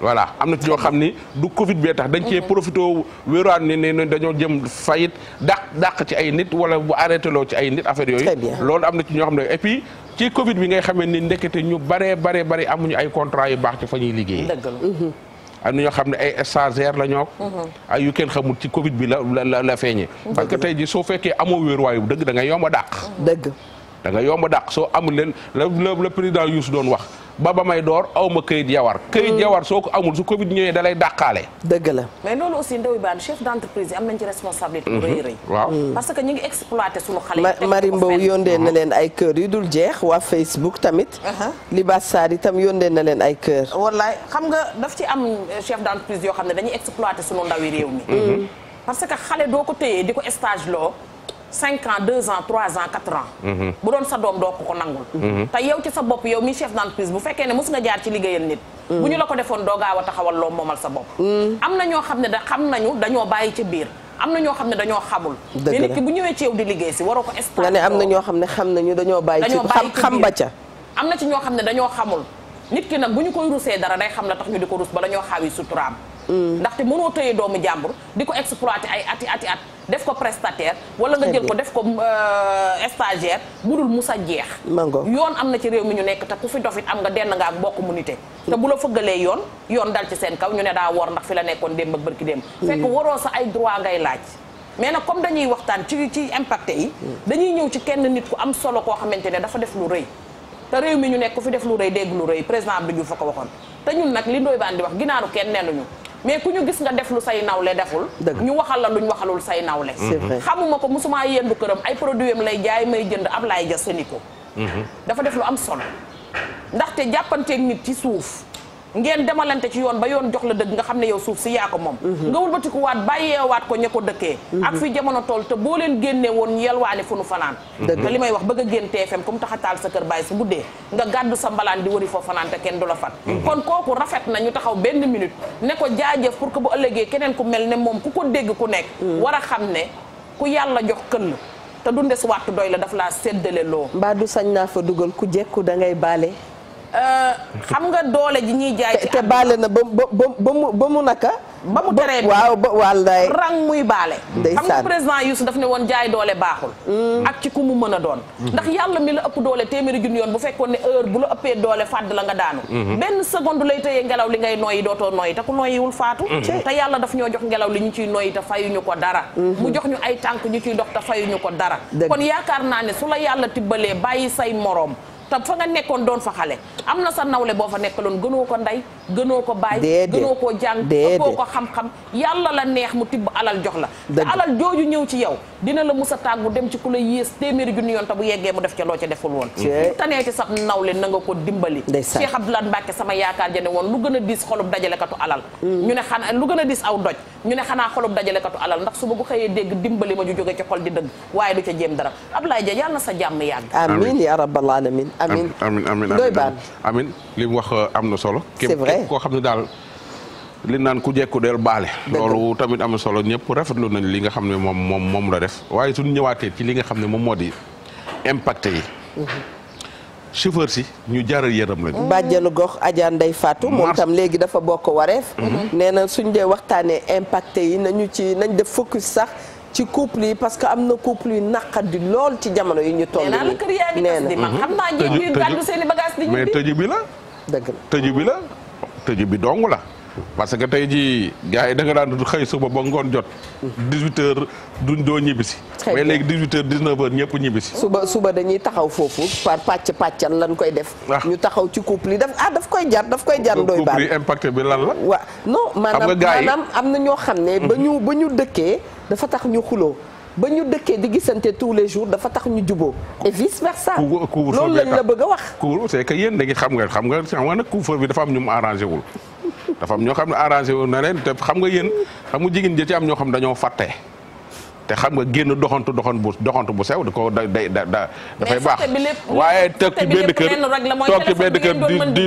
S3: voilà am na ci ñoo xam ne du Covid bee tax. dañ cee mhm. profité wéeraan ne na dañoo jëm fayit dàq dàq ci ay nit wala bu arrêté loo ci ay nit affaire yooyu. loolu am na ci ñoo xam ne et ci Covid bi ngay xamee ni ndekete ñu baree baree bari amuñu ay contrat yu baax ci fa ñuy liggéey.
S4: Mhm.
S3: am na ñoo xam ne ay stagiaire la ñoo mhm. ay yu kenn xamul ci Covid bi la la la feeñee. parce que tey ji soo fekkee amoo wéeruwaayu dëgg da nga a dàq. dëgg da nga yomb a dàq soo amul leen la le président Youssou doon wax. ba may door aw ma këyit yawar. këyit hmm. yawar soo ko amul su Covid
S1: ñëwee da lay dëgg la
S2: mais loolu aussi Ndoye Bane chef d' entreprise am nañ ci responsabilité. bu rëy rëy hmm. waaw hmm. parce que ñu ngi exploité sunu xale yi. Mari Mbow yóndee na
S1: leen ay kër yu dul jeex waa Facebook tamit. Uh-huh. Libaas Sarr itam yóndee na leen ay kër.
S2: wallaay xam nga daf ci am euh, chef d' entreprise yoo xam ne dañuy exploité sunu ndawi réew mi. parce que xale doo ko téye loo. cinq ans deux ans trois ans quatre ans mhm. bu doon sa doom doo ko ko nangul mhm. te yow ci sa bopp yow mi chef d'entreprise bu fekkee ne mos nga jaar ci liggéeyal nit mhm. bu ñu la ko defoon doo a taxawal loo moomal sa bopp am na ñoo xam ne da xam nañu dañoo bàyyi ca biir am na ñoo xam ne dañoo xamul mais nit ki bu ñëwee ci yow di liggéey si waroo ko star
S1: am na xam ne xam nañu dañoo bàyyi ci xam ba ca
S2: am na ci ñoo xam ne dañoo xamul nit ki nag bu ñu koy rusee dara day xam la tax ñu di ko rus bala ñoo xaawi suturaam ndaxte mënoo tëye doomu jàmbur di ko exploité ay ati ati at def ko prestataire wala nga jël ko def ko euh, stagiaire mu musa jeex
S1: yoon
S2: am na ci réew mi ñu nekk te ku fi dofit am nga denn nga ak mbokk mu nite te bu la fëggalee yoon yoon dal ci seen kaw ñu ne daa woor ndax fi la nekkoon démb ak bërki démb mm. fekk waroo sa ay droit ngay laaj mais nag comme dañuy waxtaan ci ci impacté yi mm. dañuy ñëw ci kenn nit ku am solo koo xamante ne dafa def lu rëy te réew mi ñu nekk ku def lu rëy dégg lu rëy président Abdou Diouf ko waxoon te ñun nag li Ndoye Bane di ginaaru kenn nenuñu mais ku ñu gis nga def lu say nawle deful ñu waxal la luñ waxalul say nawle mm-hmm. xamuma ko musuma yendu këram ay produit am lay jaay may jënd ab laay ja seniko mm-hmm. dafa def lu am solo ndaxte jàppanteeg nit ci suuf ngeen demalante ci yoon ba yoon jox la dëgg nga xam ne yow suuf si yaa ko moom mhm. nga wëlbatiku waat bàyyeewaat ko ña ko dëkkee mhm. ak fi jamono tool te boo leen génnee woon yelwaane fu nu fanaan mhm. li may wax bëgg a génn TFM comme tax a taal sa kër bàyyi su guddee nga gàddu sa mbalaan di wëri foo fanaan kenn du la fat kon kooku rafet na ñu taxaw benn minute ne ko jaajëf pour ko bu ëllëgee keneen ku mel ne moom ku ko dégg ku nekk war a xam ne ku yàlla jox këll te du ndes wàttu doy la daf laa séddale loo
S1: mbaa du sañ naa fa dugal ku jekku
S2: da ngay baale Euh, xam nga doole ji ñuy jaay ci te baale na ba
S1: ba mu ba mu naka ba mu teree bi waaw ba wallaay rang muy baale xam nga
S2: président Youssou daf ne woon jaay doole baaxul mm. ak ci ku mu mën a doon mm-hmm. ndax yàlla mi la ëpp doole téeméeri junni yoon bu fekkoon ne heure bu la ëppee doole fàdd la nga daanu mm-hmm. benn seconde lay tëyee ngelaw li ngay nooyi dootoo nooyi te ku nooyiwul faatu mm-hmm. te yàlla daf ñoo jox ngelaw li ñu ciy nooyi te ñu ko dara mu jox ñu ay tànk ñu ciy dox te fayuñu ko dara kon yaakaar naa ne su la yàlla tibbalee bàyyi say moroom te fa nga nekkoon doon fa xale am na sa nawle boo fa nekkaloon gënoo ko ndey gënoo ko baay gënoo ko jàng ëppoo ko xam-xam yàlla la neex mu tibb alal jox la te alal jooju ñëw ci yow dina la musa tàggu dem ci ku la yées téeméeri junni yoon te yeggee mu def ca loo ca deful woon mu tanee ci sab nawle na ko dimbali Cheikh Abdoulaye Mbacke sama yaakaar ja ne woon lu gën a diis xolub dajalekatu alal mm. ñu ne xanaa lu gën a diis aw doj ñu ne xanaa xolub dajalekatu alal ndax su ma ko xëyee dégg dimbali ma ju jóge ci xol di dëgg waaye du ca jéem dara Ablaye ja yàlla na sa jàmm yàgg amiin
S1: ya rabbal alamin amin
S3: amin amin doy baan amin li mu wax euh, am na solo. képp koo xam ne daal. li naan ku jekku del baale loolu tamit am na solo ñëpp rafetlu nañ li nga xam ne moom moom moom la def waaye suñu ñëwaatee ci li nga xam ne moom moo di impacte yi mm-hmm. chauffeur si ñu jaral yërëm lañu mm-hmm. bàjjanu
S1: gox Adja Ndeye Fatou moom tam léegi dafa bokk wareef mm-hmm. nee na suñ dee waxtaanee impacté yi nañu ci nañ def focus sax ci couple yi parce que am na couple yu naqadi lool ci jamono yi ñu toll nii nee na
S2: man mhm. xam naa njëg yi gàddu seen i bagage di ñibbi mais tëj bi la
S3: dëgg la tëj bi la tëj bi dong la parce que tey jii gars yi danga nga daan xëy suba ba ngoon jot. 18h duñ doo ñibbisi. xëy na léegi 18h 19h ñëpp ñibbisi. suba
S1: suba dañuy taxaw foofu par pàcc pàccan lan koy def. Ah. ñu taxaw ci couple yi daf ah daf koy jar daf koy jar. doy baal
S3: couple bi lan la. waaw
S1: non maanaam maanaam am na ñoo xam ne. ba ñu mhm. ba ñu dëkkee dafa tax ñu xuloo. ba ñu dëkkee di gisante tous les jours dafa tax ñu juboo et vice versa. loolu lañ la bëgg a wax.
S3: couvre-feu c'est que yéen da ngi xam nga xam nga xam nga nag couvre bi dafa am ñu wul. dafa ñoo xam ne arrangé wu na leen te xam nga yéen xam nga jigéen ja am ñoo xam dañoo fatte te xam nga génn doxantu doxantu bu doxantu bu sew da ko da day da dafay baax waaye toog ci benn kër toog ci benn kër di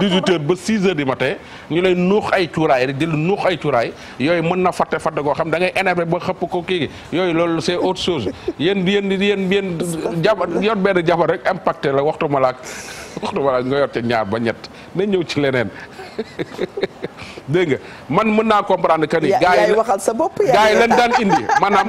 S3: di dix ba six heures du matin ñu lay nuux ay cuuraay rek di lu nuux ay cuuraay yooyu mën na fàtte fàtte koo xam da ngay énervé ba xëpp ko kii yooyu loolu c'est autre chose yéen yéen yéen yéen jabar yor benn jabar rek impacté la waxtu ma laak waxtu ma nga yor ca ñaar ba ñett nañ ñëw ci leneen dégg nga man mën naa comprendre que yi waxal
S1: sa bopp yaa yi leen daan indi. maanaam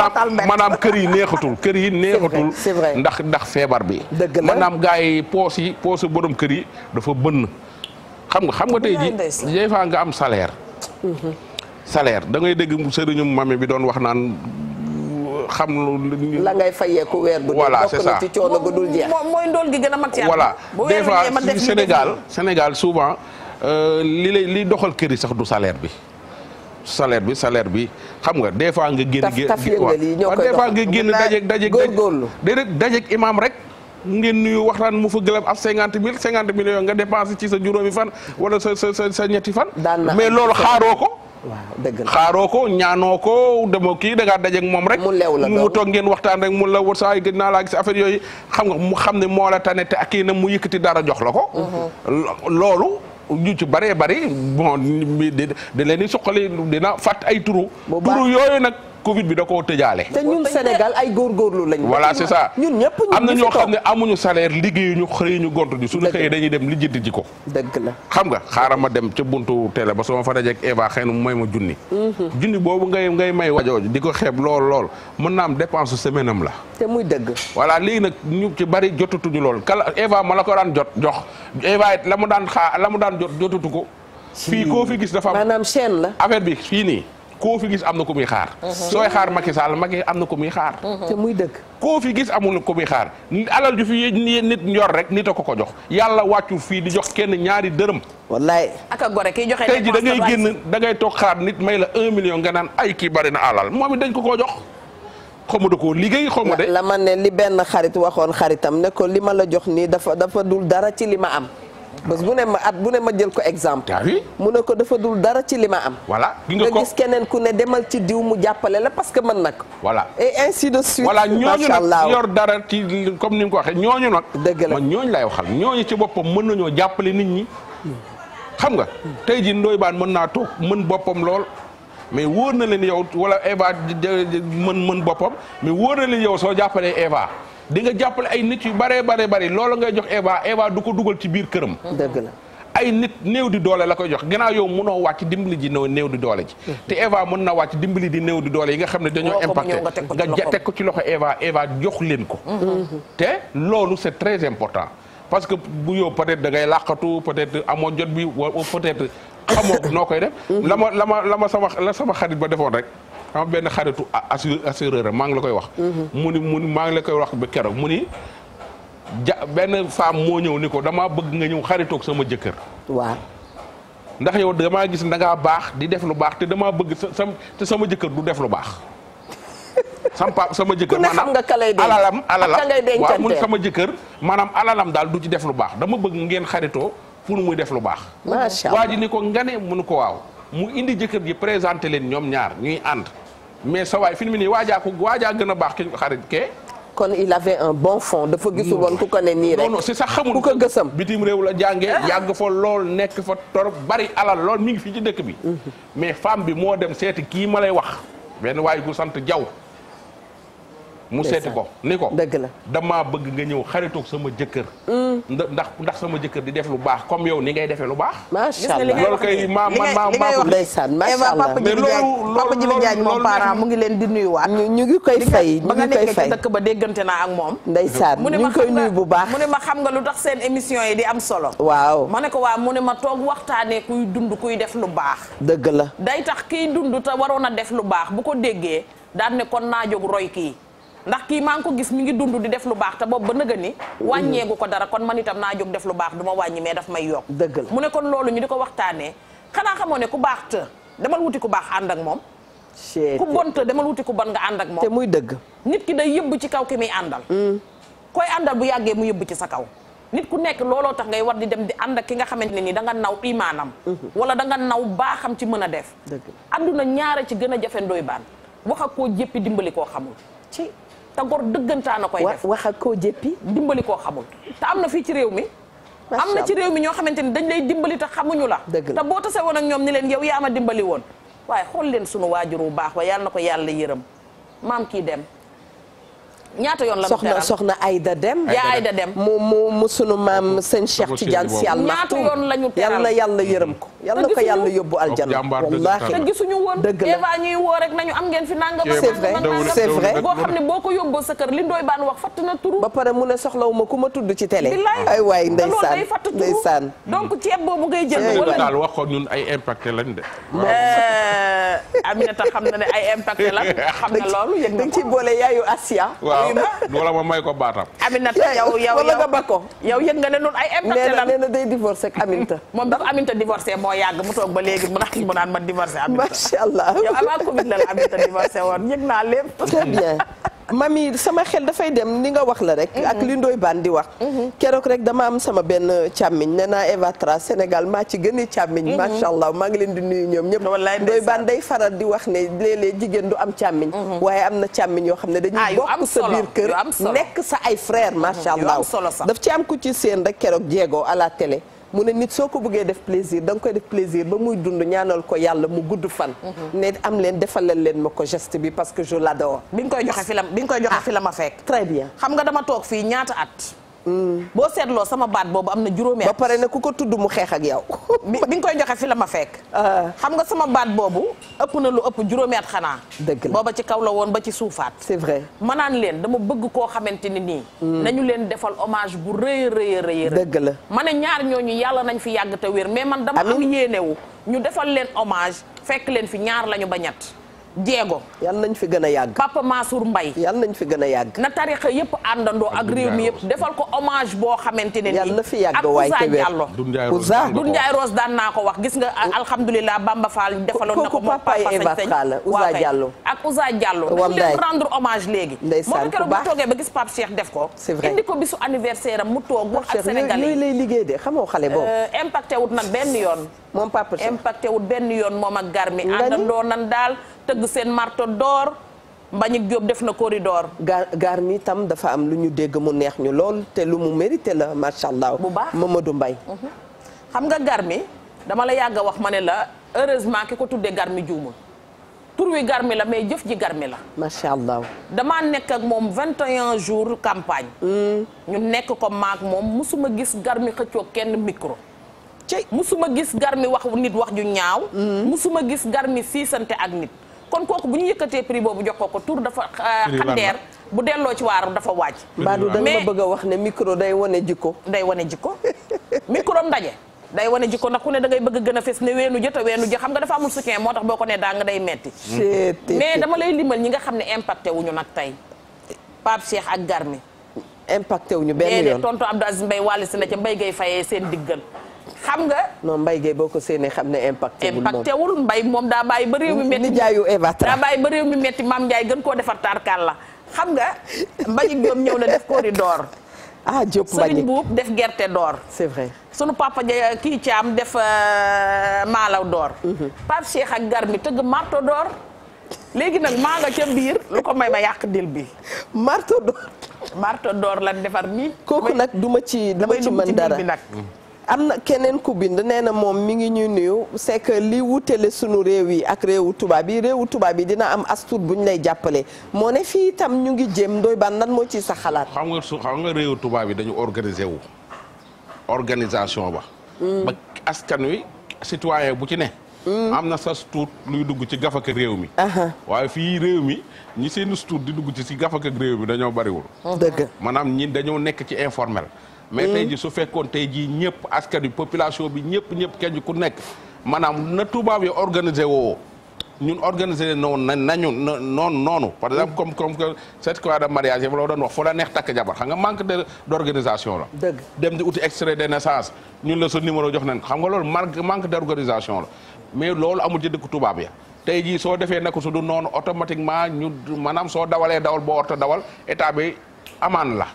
S3: maanaam kër yi neexatul kër yi neexatul. ndax ndax feebar bi. dëgg la maanaam gaa yi poos yi poosu borom kër yi dafa bënn. xam nga xam nga tey ji des fois nga am salaire. Mhm. salaire da ngay dégg sëriñu mame bi doon wax naan. xam lu. la ngay
S2: fayeeku weer bu dee. voilà c'est ça na ci coono gu dul jeex. mooy ndool gi gën a mag ci voilà des fois Sénégal
S3: Sénégal souvent euh, li lay li doxal kër yi sax du salaire bi. salaire bi salaire bi xam nga des fois nga. génn génn taf des fois nga génn dajeeg dajeeg. góorgóorlu déedéet dajeeg imaam rek. ngeen nuyu waxtaan mu fa gëlëm ab cinquante mille cinquante millions nga dépensé ci sa juróomi fan wala sa sa sa ñetti fan. mais loolu xaaroo ko. waaw dëgg la ko ñaanoo ko demoo kii da ngaa dajeeg moom rek. mu lew la mu toog ngeen waxtaan rek mu la wër saa yi gëj naa laa gis affaire yooyu xam nga mu xam ne moo la tane te ak kii na mu yëkkati dara jox la ko.
S4: Mhm.
S3: loolu ñu ci bëree bëri bon di leen di suqali dina fàtt ay turu. turu yooyu nag. Covid bi da koo tëjaale. te
S1: ñun Sénégal ay góorgóorlu lañ. voilà c'est ça ñun ñëpp am na ñoo xam
S3: ne amuñu salaire liggéeyuñu xëy ñu gont ji suñu xëyee dañuy dem lijjanti ji ko. dëgg la xam nga xaaral ma dem ca buntu télé ba sama fa dajeeg Eva xëy na mu may ma junni. Mhm. junni boobu ngay ngay may wajooju di ko xeeb lool lool mën naa am dépense semaine am la. te muy dëgg. voilà léegi nag ñu ci bari jotatuñu lool kala Eva ma la ko daan jot jox Eva la mu daan xaa la mu daan jot jotatu ko. fii koo fi gis dafa am maanaam chaîne la affaire bi fii nii koo fi gis am na ko muy xaar mhm. sooy xaar Macky Sall Macky am na ko muy xaar mhm. te muy dëgg koo fi gis amul ko muy xaar alal ju fi nit ñor rek nit a ko ko jox yàlla wàccul fii di jox kenn ñaari dërëm wallaay
S2: ak a gore kii joxe tey ji da ngay génn
S3: da ngay toog xaar nit may la un million nga naan ay kii bari na alal moom i dañ ko koo jox xaw ma da koo liggéey xaw de la ma
S1: ne li benn xarit waxoon xaritam ne ko li ma la jox nii dafa dafa dul dara ci li ma am bés bu ne ma at bu ma jël ko exemple. Ah mu ne ko defadul dara ci li ma am. voilà nga ko keneen ku ne demal ci diw mu jàppale la parce que mën nag voilà et ainsi de suite. voilà ñooñu nag yor
S3: dara ci comme ni nga ko waxee ñooñu nag. dëgg la man ñooñu lay waxal ñooñu ci boppam mën nañoo jàppale nit ñi. xam nga tey jii ndoy baan mën naa toog mën boppam lool. mais wóor na leen yow wala Eva mën mën boppam mais wóor na leen yow soo jàppalee Eva. di nga jàppale ay nit yu bare baree bari loolu ngay jox Eva Eva du ko dugal ci biir këram. dëgg ay nit néew di doole la koy jox gannaaw yow mënoo wàcc dimbali ji néew di doole ji. Mm-hmm. te Eva mën na wàcc dimbali di new di doole yi nga xam ne dañoo impacté nga teg ko ci loxo Eva Eva jox leen ko. Mm-hmm. te loolu c'est très important. parce que bu yow peut-être da ngay làqatu peut-être amoo jot bi wala peut-être xamoo noo koy def. Mm-hmm. la ma la ma la ma sama la sama xarit ba defoon rek. am benn xaritu assureur maa ngi la koy wax. Mhm. mu ni mu ni maa ngi la koy wax ba keroog mu ni ja benn femme moo ñëw ni ko damaa bëgg nga ñëw xaritoog sama jëkkër. waaw. ndax yow damaa gis ne da baax di def lu baax te damaa bëgg sa te sama jëkkër du def lu baax. sama pap sama jëkkër maanaam alalam alalam waaw mun sama jëkkër maanaam alalam daal du ci def lu baax dama bëgg ngeen xaritoo pour muy def lu baax
S4: waa
S3: ji ni ko nga ne munu ko waaw mu indi jëkkër ji présenté leen ñoom ñaar ñuy ànd mais sa waay fi mu nii waajaa ko waajaa gën a baax ki xarit kee.
S1: kon il avait un bon fond dafa gisul
S3: woon ku ko ne nii rek. non non c'est sax xamul ku ko gësam. bitim réew a jàngee yàgg fa lool nekk fa torop bari alal lool mi ngi fii ci dëkk bi. Mhm. mais femme bi moo dem seeti kii ma lay wax. benn waay gu sant Jaw mu seeti ko ni dëgg la damaa bëgg nga ñëw xaritoog sama jëkkër mm. ndax ndax sama jëkkër di def lu baax comme yow ni ngay defee lu baax macha
S2: allah loolu kay ma man ma ma ndeysaan macha eh, allah papa Djibi Diagne papa Djibi mu ngi leen di nuyu waat ñu ngi koy fay ñu ngi koy fay dëkk ba déggante naa ak moom ndeysaan ñu ngi koy nuyu bu baax mu ne ma xam nga lu tax seen émission yi di am solo waaw ma ne ko waa mu ne ma toog waxtaanee kuy dund kuy def lu baax dëgg la day tax kiy dund te waroon a def lu baax bu ko déggee daan ne kon naa jóg roy kii ndax kii maa ngi ko gis mu ngi dund di def lu baax te boobu ba nëga ni wàññeegu ko dara kon man itam naa jóg def lu baax du ma wàññi mais daf may yokk dëgg la mu ne kon loolu ñu di ko waxtaanee xanaa xamoo ne ku baax të demal wuti ku baax ànd ak moom ku bon të demal wuti ku bon nga ànd ak moom te muy dëgg nit ki day yëbb ci kaw ki muy àndal mm. koy àndal bu yàggee mu yëbb ci sa kaw nit ku nekk looloo tax ngay war di dem di ànd ak ki nga xamante ne ni da nga naw imaanam mm-hmm. wala da nga naw baaxam ci mën a def àdduna ñaara ci gën a jafe baan wax ak koo dimbali koo xamul ci te gor dëggantaan a koy def wax ak koo jéppi dimbali koo xamul te am na fii ci réew mi am na ci réew mi ñoo xamante ni dañ lay dimbali te xamuñu la te boo tase woon ak ñoom ni leen yaw yaa ma dimbali woon waaye xool leen sunu waajur wu baax ba yàlla ko yàlla yërëm maam kii dem ñaata yoon la soxna soxna
S1: Ayda Dem yaa Ayda Dem mu mu mu sunu maam sëñ Cheikh Tidiane Sy Al Maktoum ñaata yoon la ñu teral yàlla yàlla yërëm ko
S2: yal na ko yàlla
S1: yóbbu aljana wallaahi te
S2: gisuñu woon dëgg la Eva ñuy woo rek nañu am ngeen fi nangam c'est vrai c'est vrai boo xam ne boo ko yóbboo sa kër li ndooy baan wax fatt na turu ba pare mu ne soxlawu
S1: ma ku ma tudd ci télé ay waay ndeysaan ndeysaan donc ceeb boobu ngay jël wala daal
S3: wax ko ñun ay impacté lañ de
S1: eh, Aminata xam na ne ay impacté la xam na loolu yëg na ci boole yaayu Asia
S3: waaw wala ma may ko baatam
S1: Aminata yow yow wala nga
S2: ba ko yow ne la nee na day divorcé ak moom dafa Aminata divorcé moo yàgg mu toog ba léegi mu naan mu naan ma divorcé Aminata macha allah yow avant Covid la la Aminata divorcé
S1: woon sama xel dafay dem li nga wax la rek ak li ndoy baan di wax mhm. keroog rek dama am sama benn càmmiñ nee naa Eva Tra maa ci gën a càmmiñ mhm. macha allah maa ngi leen di nuyu ñoom ñëpp ndoy baan day faral di wax ne léeg jigéen du am càmmiñ mhm. waaye am na càmmiñ yoo xam ne dañuy ah, bokk sa biir kër nekk sa ay frère macha allah daf ci am ku ci seen rek keroog jeegoo à la mu ne nit soo ko bëggee def plaisir da nga koy def plaisir ba muy dund ñaanool ko yàlla mu gudd fan. Mhm. ne am leen defalal leen ma ko gest bi
S2: parce que je l'adore. bi nga koy joxe fi la bi nga koy joxe ah, fi la fekk. très bien xam nga dama toog fii ñaata at. boo seetloo sama baat boobu am na juróomi ba pare ne ku ko tudd mu xeex ak yow. bi bi nga koy joxe fi la ma fekk. Ah. xam nga sama baat boobu ëpp na lu ëpp juróomi at xanaa. dëgg la booba ci kaw la woon ba ci suufaat. c'est vrai ma naan leen dama bëgg koo xamante ni nii. Hmm. nañu leen defal hommage bu rëy rëy rëy. dëgg la ma ne ñaar ñu yàlla nañ fi yàgg te wér mais man dama am yéenewu ñu defal leen hommage fekk leen fi ñaar lañu ba ñett. Diego. yàlla nañ fi gën a yàgg. Papa Mansour Mbaye. yàlla nañ fi gën a yàgg. na tarixa yëpp àndandoo ak réew mi yëpp defal ko hommage boo xamante ne nii. na fi yàgg waay te wér ak Ousa Diallo. Doudou Ndiaye Rose daan naa ko wax gis nga alhamdulilah na ko moom Papa Eva ak Ousa Diallo. dañ leen rendre hommage léegi. ndeysaan ku baax moom keroog ba gis Pape Cheikh def ko. Oh, c'est vrai indi ko bisu anniversaire am mu toog wax ak Sénégalais yi
S1: lay liggéey de xamoo xale boobu. Euh,
S2: impacté wut nag benn yoon. moom Papa Cheikh impacté wut benn yoon moom a gar mi àndandoo nan daal tëgg seen marto d'or Mbagnick Diop def na corridor.
S1: gaar gaar mi tam dafa am lu ñu dégg mu neex ñu lool te lu mu mérité la macha allah. bu baax Mamadou Mbaye.
S2: Mhm. xam nga garmi dama la yàgg a wax ma ne la heureusement ki ko tuddee gar mi juumul tur wi garmi la mais jëf ji gar la. macha allah dama nekk ak moom 21 jours campagne. Hmm. ñu nekk ko maak moom musuma gis gar mi xëccoo kenn micro. ci musuma gis gar wax nit wax ju ñaaw. Hmm. musuma gis gar mi siisante ak nit. kon kooku bu ñu yëkkatee prix boobu jox ko ko tur dafa euh, xandeer bu delloo ci waaram dafa waaj baadu da nga bëgg a wax ne micro day wane jikko day wane jikko micro ndaje day wane jikko ndax ku ne da ngay bëgg gën a fees ne weenu jot a weenu jë xam nga dafa amul soutien moo tax boo ko ne daa nga day metti mais dama lay limal ñi nga xam ne impacté wuñu nag tey Pape Cheikh ak Garmi impacté wuñu benn yoon tonton Abdou Aziz mbay wàlli si na ca mbay gay fayee seen diggal xam nga.
S1: non Mbaye Gueye boo ko seenee xam ne impacté wul moom impacté
S2: wul Mbaye moom daa bàyyi ba réew mi metti nijaayu Eva Tra daa bàyyi ba réew mi metti gën koo defar tarkaal la xam nga Mbagnick Diop ñëw na def corridor. ah Diop Mbagnick Serigne Mboup def gerte door. c'est vrai sunu papa ja kii Thiam def euh, maalaw door. Mhm. Pape Cheikh ak Garmi tëgg marto door. léegi nag maa nga ca biir lu ko may ma yàq dil bi. marto door. marto door lan defar nii.
S1: kooku nag duma ci duma ci mën dara. am na keneen ku bind nee na moom mi ngi ñu nuyu c'est que li wutale sunu réew yi ak réewu tubaab yi réewu tubaab yi dina am astuut bu ñu lay jàppale moo ne fii tam ñu ngi jéem ndoy ban nan moo ci sa xalaat. xam
S3: nga su xam tubaab yi dañu organiser wu organisation ba. Mm. askan wi citoyen bu ci ne. Mm. am na sa tuut luy dugg ci gafak réew mi. waaye fii réew mi ñi seen tuut di dugg ci si gafak réew mi dañoo bariwul. dëgg maanaam ñi dañoo nekk ci informel. mais mm. tey ji su fekkoon tey ji ñëpp askan bi population bi ñëpp ñëpp kenn ku nekk maanaam na tubaab yi organisé woo ñun organisé noonu na nañu noonu noonu par exemple mm. comme comme que cette croix de mariage yow la doon wax la neex takk jabar xam nga manque de d' organisation la dëgg dem di uti extrait ñun la sa numéro jox nañ xam nga loolu manque d' organisation la mais loolu amul ci dëkk tubaab ya tey jii soo defee nekk su du noonu automatiquement ñu maanaam soo dawalee dawal boo warta dawal état bi amaan la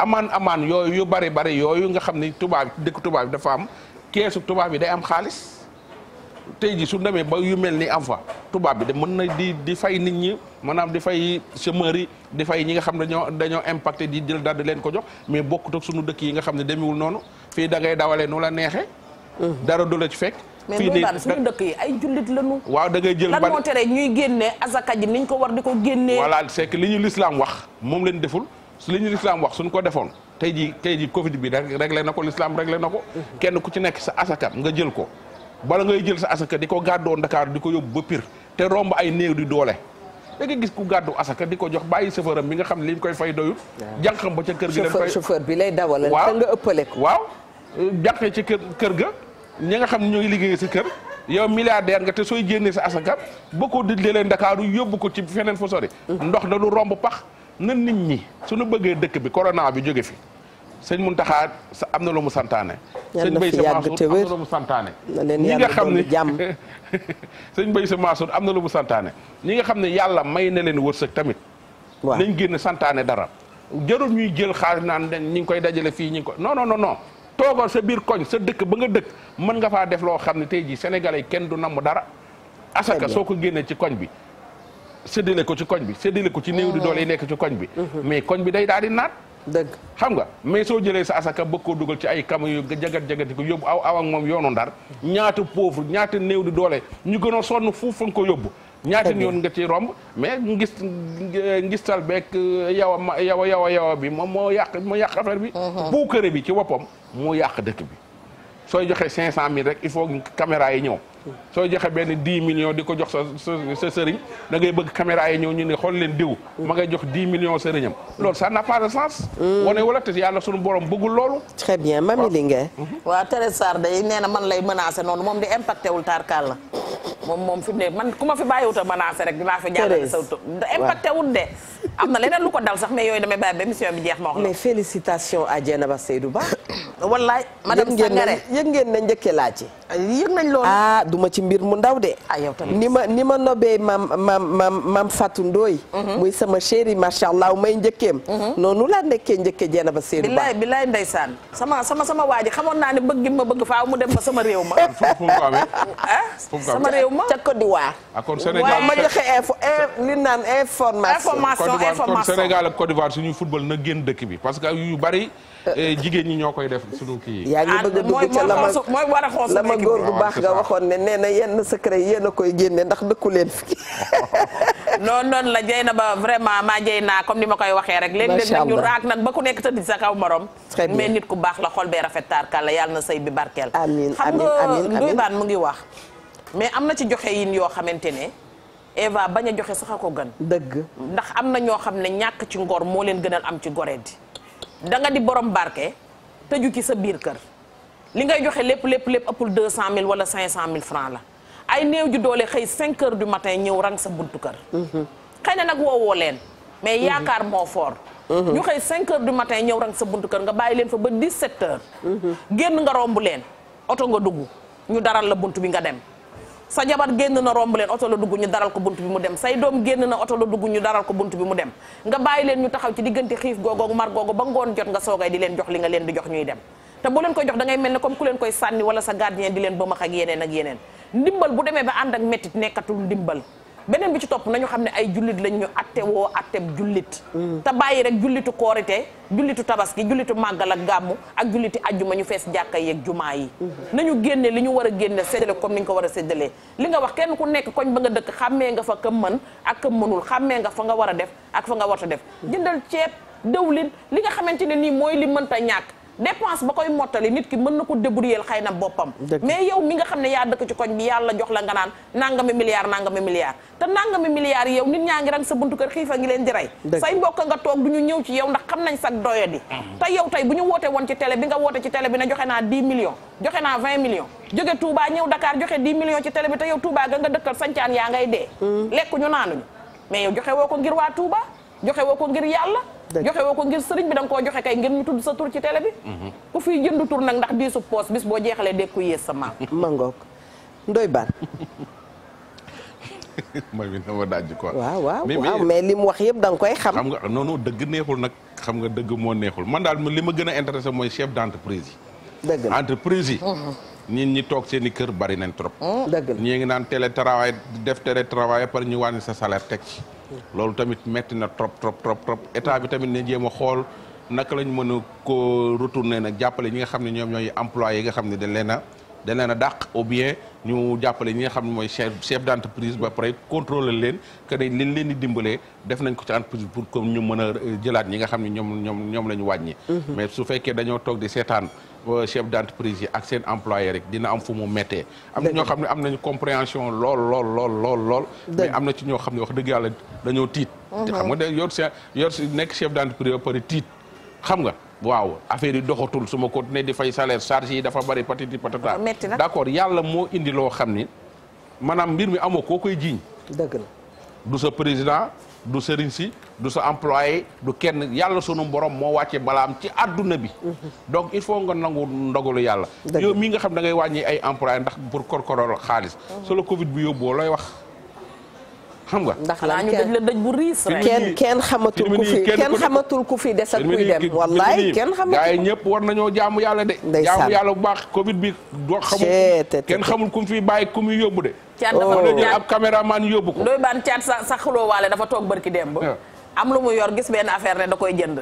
S3: amaan amaan yooyu yu bari bari yooyu nga xam ne tubaab dëkk tubaab dafa am keesu tubaab yi day am xaalis tey ji su demee ba yu mel ni am fa tubaab bi de mën na di di fay nit ñi maanaam di fay yi di ñi nga xam dañoo dañoo impacté di jël daal di leen ko jox mais bokkut ak dëkk yi nga xam ne demewul noonu fii dangay ngay dawalee nu la neexee. dara du la ci fekk. fii nii mais suñu
S2: dëkk yi ay jullit lañu. waaw da ngay jël ban lan moo tere ñuy génnee asaka ji niñ ko war di ko génnee. voilà
S3: c'est que li ñu lislaam wax moom leen deful. su li ñu lislaam wax suñ ko defoon tey ji tey ji covid bi réglé na ko lislaam réglé na ko kenn ku ci nekk sa asaka nga jël ko bala ngay jël sa asaka di ko gàddoo Ndakaaru di ko yóbbu ba Pire te ay néew di doole da gis ku gàddu asaka di ko jox bàyyi chauffeuram bi nga xam ne liñ koy fay doyut jànqam ba ca kër gi leen koy
S1: bi lay dawalal te nga ëppale ko waaw
S3: jànqee ci kër kër ga ñi nga xam ne ñooy liggéey sa kër yow milliardaire nga te sooy génnee sa asaka ba ko didlee Ndakaaru yóbbu ko ci feneen fa sori mm-hmm. ndox na lu romb pax na nit ñi su suñu bëggee dëkk bi corona bi jóge fi sëñ Muntaxa sa am na lu mu santaane. sëñ Bay Sa Maasuur am na lu mu santaane. ñi nga xam ne sëñ Bay Sa Maasuur am na lu mu santaane. ñi nga xam ne yàlla may na leen wërsëg tamit. waaw nañ génn santaane dara. jarul ñuy jël xaalis naan dañ ñi ngi koy dajale fii ñi ngi ko non non non non toogal sa biir koñ sa dëkk ba nga dëkk mën nga faa def loo xam ne tey jii sénégalais kenn du namm dara. asaka soo ko génnee ci koñ bi. séddale ko ci koñ bi séddale ko ci néew di doole yi nekk ci koñ bi mm-hmm. Mm-hmm. mais koñ bi day daal di naat dëgg xam nga mais soo jëlee sa asaka bëgg koo dugal ci ay kam yu jagat jagati ko yóbbu aw aw ak moom yoonu ndar ñaata pauvre ñaata néew di doole ñu gën a sonn fuuf fa ko yóbbu ñaata yoon nga ci romb mais ngis ngistal beeg eh, yaw a yawa yawa yawa bi moom moo yàq moo yàq bi bu mm-hmm. kër bi ci boppam moo yàq dëkk bi sooy joxee cinq cent mille rek il faut caméra yi ñëw soo joxe benn 10 millions di ko jox sa sa sëriñ da ngay bëgg caméra yi ñëw ñu ne xool leen diw ma jox 10 millions sëriñam
S2: loolu ça n'a pas de sens mm. mm-hmm. la moom moom fi mu ne man ku ma fi bàyyiwut a menacé rek dinaa fi jàllale sa ma wax mais
S1: félicitations à Dieynaba
S2: yëg
S1: ngeen na njëkkee laa ci yëg nañ loolu ah, ma ci mbir mu ndaw de. ah yow tamit ni ma ni ma nobee maam maam maam maam Fatou Ndoye. Mhm. muy sama chéri macha allah may njëkkeem. Mhm. noonu laa nekkee njëkkee jeena ba Seydou Ba. billaay
S2: ndeysaan sama sama sama waa xamoon naa ne bëgg ma bëgg faaw mu dem ba sama réew ma. fu mu ko ah, ma ca Côte ah, ma joxe info eh,
S1: information. information information Sénégal
S3: ak Côte football na génn dëkk bi parce que yu bari. Eh, jigéen ñi ñoo koy def suñu kii. yaa ngi bëgg a dugg ca la ma ah, mooy war la ma góor bu baax nga waxoon
S1: ne nee na yenn secret yéen a koy génne ndax dëkku leen fi.
S2: noon noonu la jey na ba vraiment maa jey naa comme ni ma koy waxee rek. leen allah léeg-léeg nag ñu raak nan ba ku nekk tëdd sa kaw morom. mais nit ku baax la xol bee rafet taar kàlla yàlla na sëy bi barkeel. amiin amiin amiin xam mu ngi wax. mais am na ci joxe yin yoo xamante ne. Eva bañ a joxe sax a ko gën. dëgg ndax am na ñoo xam ne ñàkk ci ngor moo leen gënal am ci goree di da nga di borom barke tëju ci sa biir kër li ngay joxe lépp lépp lépp ëppul 200000 wala 500000 francs la ay néew ju doole xëy 5 heures du matin ñëw rang sa buntu kër. Mhm. xëy nag woowoo leen. mais mhm. yaakaar moo fort. Mhm. ñu xëy 5 heures du matin ñëw rang sa buntu kër nga bàyyi leen fa ba 17 heures. génn nga romb leen oto nga dugg ñu daral la buntu bi nga dem. sa jabar génn na romb leen oto la dugg ñu daral ko bunt bi mu dem say doom génn na oto la dugg ñu daral ko bunt bi mu dem nga bàyyi leen ñu taxaw ci diggante xiif googu mar googu ba ngoon jot nga soogay di leen jox li nga leen di jox ñuy dem te bu leen koy jox da ngay mel ne comme ku leen koy sànni wala sa gardien di leen ba max ak yeneen ak yeneen ndimbal bu demee ba ànd ak méttit nekkatul ndimbal beneen bi ci topp nañu xam ne ay jullit lañ ñu atte woo atteb jullit mm. te bàyyi rek jullitu koorite jullitu tabaski jullitu màggal ak gàmmu ak julliti ajjuma ñu fees jàkka yeeg jumaa yi mm-hmm. nañu génne li ñu war a génne séddale comme ni ñu ko war a séddalee li nga wax kenn ku nekk koñ ba nga dëkk xàmmee nga fa ka mën ak ka mënul xàmmee nga fa nga war a def ak fa nga warta def mm-hmm. jëndal ceeb dëwlin li nga xamante ne nii mooy li mënta ñàkk dépense ba koy mottali nit ki mën na ko débrouiller xay na boppam mais yow mi nga xam ne yaa dëkk ci koñ bi yàlla jox la nga naan nangami milliard nangami milliard te nangami milliard yow nit ñaa ngi rang sa buntu kër xiif a ngi leen di rey say mbokk nga toog du ñu ñëw ci yow ndax xam nañ sag doyo di mm. te yow tey bu ñu woote woon ci télé bi nga woote ci télé bi ne joxe naa 10 millions joxe naa 20 millions jóge Touba ñëw Dakar joxe 10 millions ci télé bi te yow Touba ga ngay dee mm. lekkuñu naanuñu mais yow joxe woo ko ngir waa joxe woo ko ngir yàlla joxe woo ko ngir sëriñ bi da ko koo joxe kay ngir ñu tudd sa tur ci télé bi mhm. ku fiy jënd tur nag ndax diisu poos bis boo jeexalee dekku yées sa maam mangoog ndoy baar
S3: mooy bi dama daaj quoi.
S1: waaw waaw waaw
S3: mais li mu wax yëpp da koy xam. xam nga non dëgg neexul nag xam nga dëgg moo neexul man daal li ma gën a intéressé mooy chef d' entreprise yi. dëgg la entreprise yi. Mhm. nit ñi toog seen i kër bari nañ trop. Mhm. dëgg la ngi naan télétravail def télétravail par ñu wàññi sa salaire teg ci. loolu tamit metti na trop trop trop trop état bi tamit ne jéem a xool naka lañ mën a ko retourner nag jàppale ñi nga xam ne ñoom ñooy employé yi nga xam ne dañ leen a dañ a dàq au bien ñu jàppale ñi nga xam ne mooy chef chef d' entreprise ba pare contrôler leen que ne leen di dimbalee def nañ ko ci entreprise pour comme ñu mën a euh, jëlaat ñi nga xam ne ñoom ñoom ñoom la ñu wàññi mm-hmm. mais su fekkee dañoo toog di seetaan chef d'entreprise yi ak seen employé rek dina am fu mu méttee am na ñoo xam ne am nañu compréhension lool lool lool lool lool am na ci ñoo xam ne wax dëgg yàlla dañoo tiit te mhm. xam nga yor seen nekk chef d'entreprise ba pare tiit xam nga waaw affaire yi doxatul su ma continuer di fay salaire charge yi dafa bari patati patata d'accord yàlla moo indi loo xam ni maanaam mbir mi amoo koo koy jiiñ dëgg la du sa président du sëriñ si du sa employé du ken yàlla sunu borom moo wàcce balaam ci àdduna bi donc il faut nga nangu ndogalu yàlla yow mii nga xam da ngay wàññi ay employé ndax pour korkoral xaalis mmh. su la covid bi yóbboo looy wax xam nga. ndax la ñu daj la daj bu riis rek. kenn kenn xamatul ku fi kenn xamatul
S1: kuy dem. wallaay kenn xamatul gars yi
S3: ñëpp war nañoo jaamu yàlla de. ndeysaan jaamu yàlla bu baax Covid bi. doo xamul kenn xamul ku mu fi bàyyi
S2: ku muy yóbbu de. caat sa xuloo waale dafa toog barki demb am lu mu yor gis benn affaire ne da koy jënd.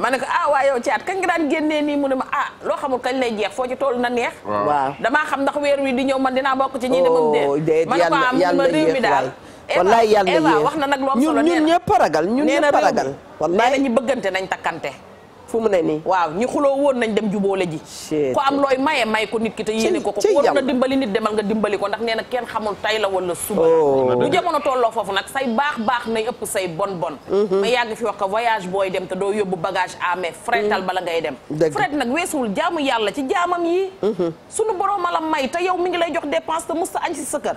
S2: ma ne ko ah waa yow caat kañ nga daan génnee nii mu ne ma ah loo xamul kañ lay jeex foo ci toll na neex. waaw damaa xam ndax weer wi di ñëw man dinaa bokk ci ñi demam oh, dee. ma ne ko ah mu ma réew wallaay yàlla na yéex wax na nag lu am solo ñun ñëpp ragal ñun ñëpp ragal wallaay nee na ñu bëggante nañ takkante fu mu ne nii waaw ñi xuloo woon nañ dem jubóole ji ko am looy maye may ko nit ki te yéene ko ko war na dimbali nit demal nga dimbali ko ndax nee na kenn xamul tay la wala suba oh. bu jamono tolloo foofu nag say baax baax nay ëpp say bon bon ma mm-hmm. yàgg fi wax ko voyage booy dem te doo yóbbu bagage amee fretal mm. bala ngay dem fret nag weesuwul jaamu yàlla ci jaamam yi mm-hmm. sunu borom la may te yow mi ngi lay jox dépense te musta añ si sa kër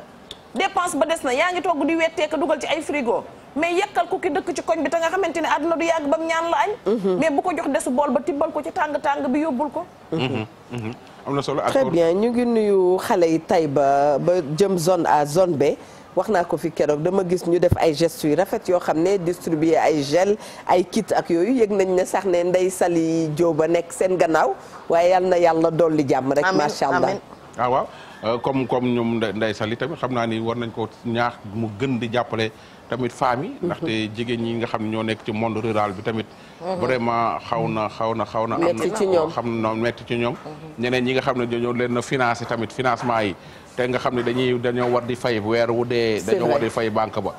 S2: dépense ba des na yaa ngi toog di wetteeka dugal ci ay frigo mais yekkal ku ki dëkk ci koñ bi te nga xamante ne àdduna du yàgg bam ñaan la añ mhm. mais bu ko jox desu bool ba tibbal ko ci tàng-tàng bi yóbbul ko
S1: mhm. Mhm. am bien ñu ngi nuyu xale yi tay ba ba jëm zone A zone B wax naa ko fi keroog dama gis ñu def ay gestes yu rafet yoo xam ne distribuer ay gel ay kit ak yooyu yëg nañ ne sax ne ndey sali jóoba nekk seen gannaaw waaye yal na dool dolli jàmm rek macha allah
S3: ah waaw euh, comme comme ñoom nday sali tamit xam naa ni war nañ ko ñaax mu gën di jàppale tamit femmes yi. ndaxte mhm. jigéen ñi nga xam ne ñoo nekk ci monde rural bi tamit. Mhm. vraiment xaw na xaw na xaw na. am na xam na metti ci ñoom. Mhm. ñeneen ñi nga xam ne dañoo leen a financé tamit financement yi. te nga xam ne dañuy dañoo war di fay weer wu dee. dañoo war di fay banque ba.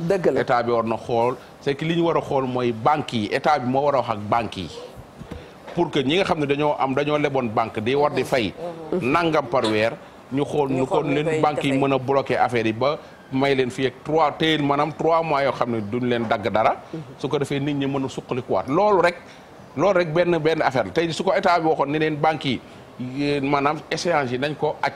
S3: état bi war na xool c'est que li ñu war a xool mooy banques yi état bi moo war a wax ak banques yi. pour que ñi nga xam ne dañoo am dañoo leboon banque di war di mm-hmm. fay mm-hmm. nangam par weer ñu xool ñu kon leen banque yi mën a bloqué affaire yi ba may leen fi ak trois téye maanaam trois mois yoo xam ne duñ leen dagg dara mm-hmm. su ko defee nit ñi mën a suqalikuwaat loolu rek loolu rek benn benn affaire la tey su ko état bi waxoon ni leen banque yi maanaam échange yi nañ ko aj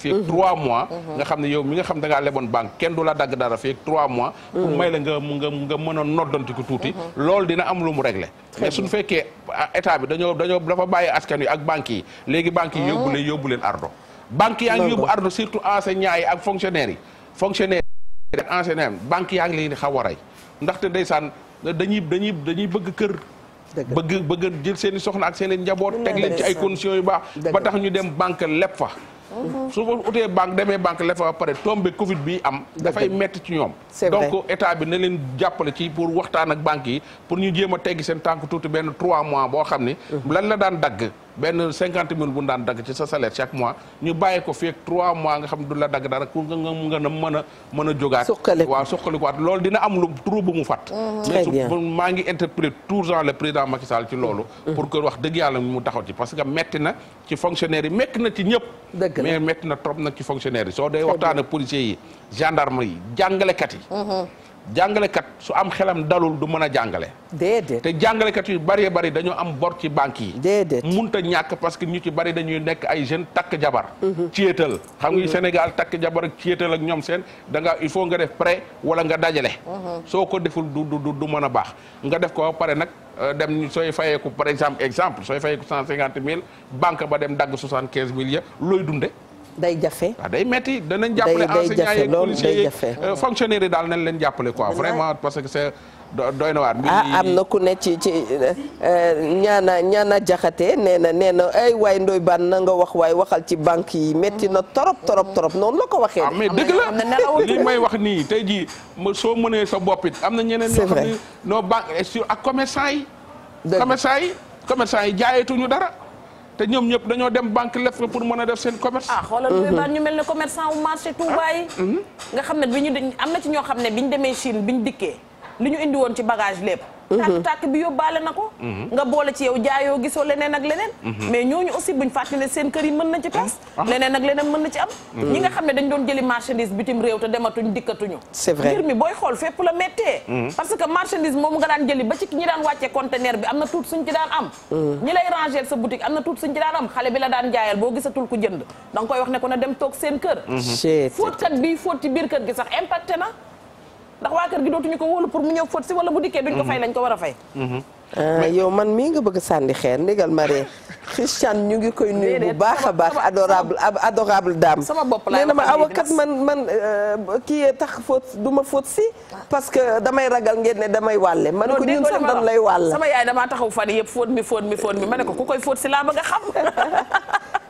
S3: fii ak 3 mois nga xam ne yow mi nga xam da ngaa leboon banque kenn du la dagg dara fii ak 3 mois pour may la nga nga nga mën a noddanti ko tuuti loolu dina am lu mu régler mais suñu fekkee ah, état bi dañoo dañoo dafa bàyyi askan yi ak banques yi léegi banques yi ah. yóbbu leen yóbbu leen ardo banque yaa ngi yóbbu ardo surtout enseignants yi ak fonctionnaires yi fonctionnaire yi ak banque yaa ngi leen di xaw a rey ndaxte ndeysaan dañuy dañuy dañuy bëgg kër bëgg bëgg jël seen i soxna ak seen njaboot teg leen ay conditions yu baax ba tax ñu dem banque leb fa Mhm. su ma utee banque demee banque la fa pare tombé Covid bi am. dafay mettiti ci ñoom. donc état bi ne leen jàppale ci pour waxtaan ak banque yi pour ñu jéem a teggi seen tànk tuuti benn 3 mois boo xam ni. Mhm. lan la daan dagg. benn cinquante mille bu daan dagg ci sa salaire chaque mois ñu bàyyi ko fii trois mois nga xam du dagg dara ku nga nga nga mën a mën a jógaat waaw suqalikuwaat loolu dina am lu trou bu mu fat
S4: mm-hmm.
S3: mais maa ngi interpréter toujours le président Macky Sall ci loolu mm-hmm. pour que wax dëgg yàlla mu taxaw ci parce que metti na ci fonctionnaire yi metti na ci ñëpp mais metti na trop nag ci fonctionnaire yi soo dee waxtaane policiers yi gendarme yi jàngalekat yi mm-hmm. jàngalekat su am xelam dalul du mën a jàngale. déedéet te jàngalekat yu bari bari dañoo am bor ci banques yi. déedéet munta ñàkk parce que ñu ci bari dañuy nekk ay jeunes takk jabar. Mhm. ciyeetal xam nga mhm. Sénégal takk jabar ak ak ñoom seen da nga il faut nga def prêt wala nga dajale. Mhm. soo ko deful du du du mën a baax nga def ko ba pare nag. Euh, dem sooy fayeeku par exemple exemple sooy fayeeku cent cinquante mille banque ba dem dagg soixante quinze mille ya looy dunde day jafe waaw ah, day metti danañ jàppale enseignants yi policiers yi euh, fonctionnaires yi daal nañ leen jàppale quoi vraiment parce que c'est doy
S1: na waar ah, am na ku ne ci ci euh, ñaana ñaana jaxate nee na nee na ay waay ndoy ban na nga wax waaye waxal ci banque yi métti na torop torop torop noonu la ko waxee ah mais
S3: dëgg la li may wax nii tey jii soo mënee sa boppit am na ñeneen ñoo xam ne noo banque sur ak commerçant yi commerçant yi commerçant yi jaayetuñu dara te ñoom ñëpp dañoo dem banque lettre pour mën a def seen commerce. ah xoolal mhm. baax
S2: ñu mel ne commerçant wu marché Touba mhm. nga xam ne bi ñu am na ci ñoo xam ne bi ñu demee Chine bi ñu dikkee. li ñu indi woon ci bagage lépp tàkk-tàkk mhm. bi yóbbaale na ko mhm. nga boole ci yow jaayoo gisoo leneen ak leneen mhm. mais ñooñu aussi buñ fàttali seen kër yi mën na ci tas ah. Ah. leneen ak leneen mën na ci am ñi nga xam ne dañ doon jëli marchandise bitim réew te dematuñ dikkatuñu c'est mi booy xool fépp la méttee parce que marchandise moom nga daan jëli ba ci ñi daan wàccee conteneur bi am na tuut suñ ci daan am sa boutique am na tuut suñ xale bi la daan jaayal boo gisatul ku jënd da koy wax ne ko dem toog seen kër fóotkat bi fóot ci biir kër gi sax impacté na ndax waa kër gi dootuñu ko wóolu pour mu ñëw fóot si bu dikkee duñ ko fay mhm. lañ ko war a fay mhm.
S1: euh, yow man mii nga bëgg sànni xeer ndigal Marie Christiane ñu ngi koy nuyu bu baax a baax adorable adorable dame sama bopp laa nee na ma awakat man man euh, kii tax fóot du ma fóot si parce que damay ragal ngeen ne damay wàlle ma ne ko ñun sax dañ lay wàll sama
S2: yaay damaa taxaw fan yëpp fóot mi fóot mi ma ne ko ku koy fóot si laa bëgg a xam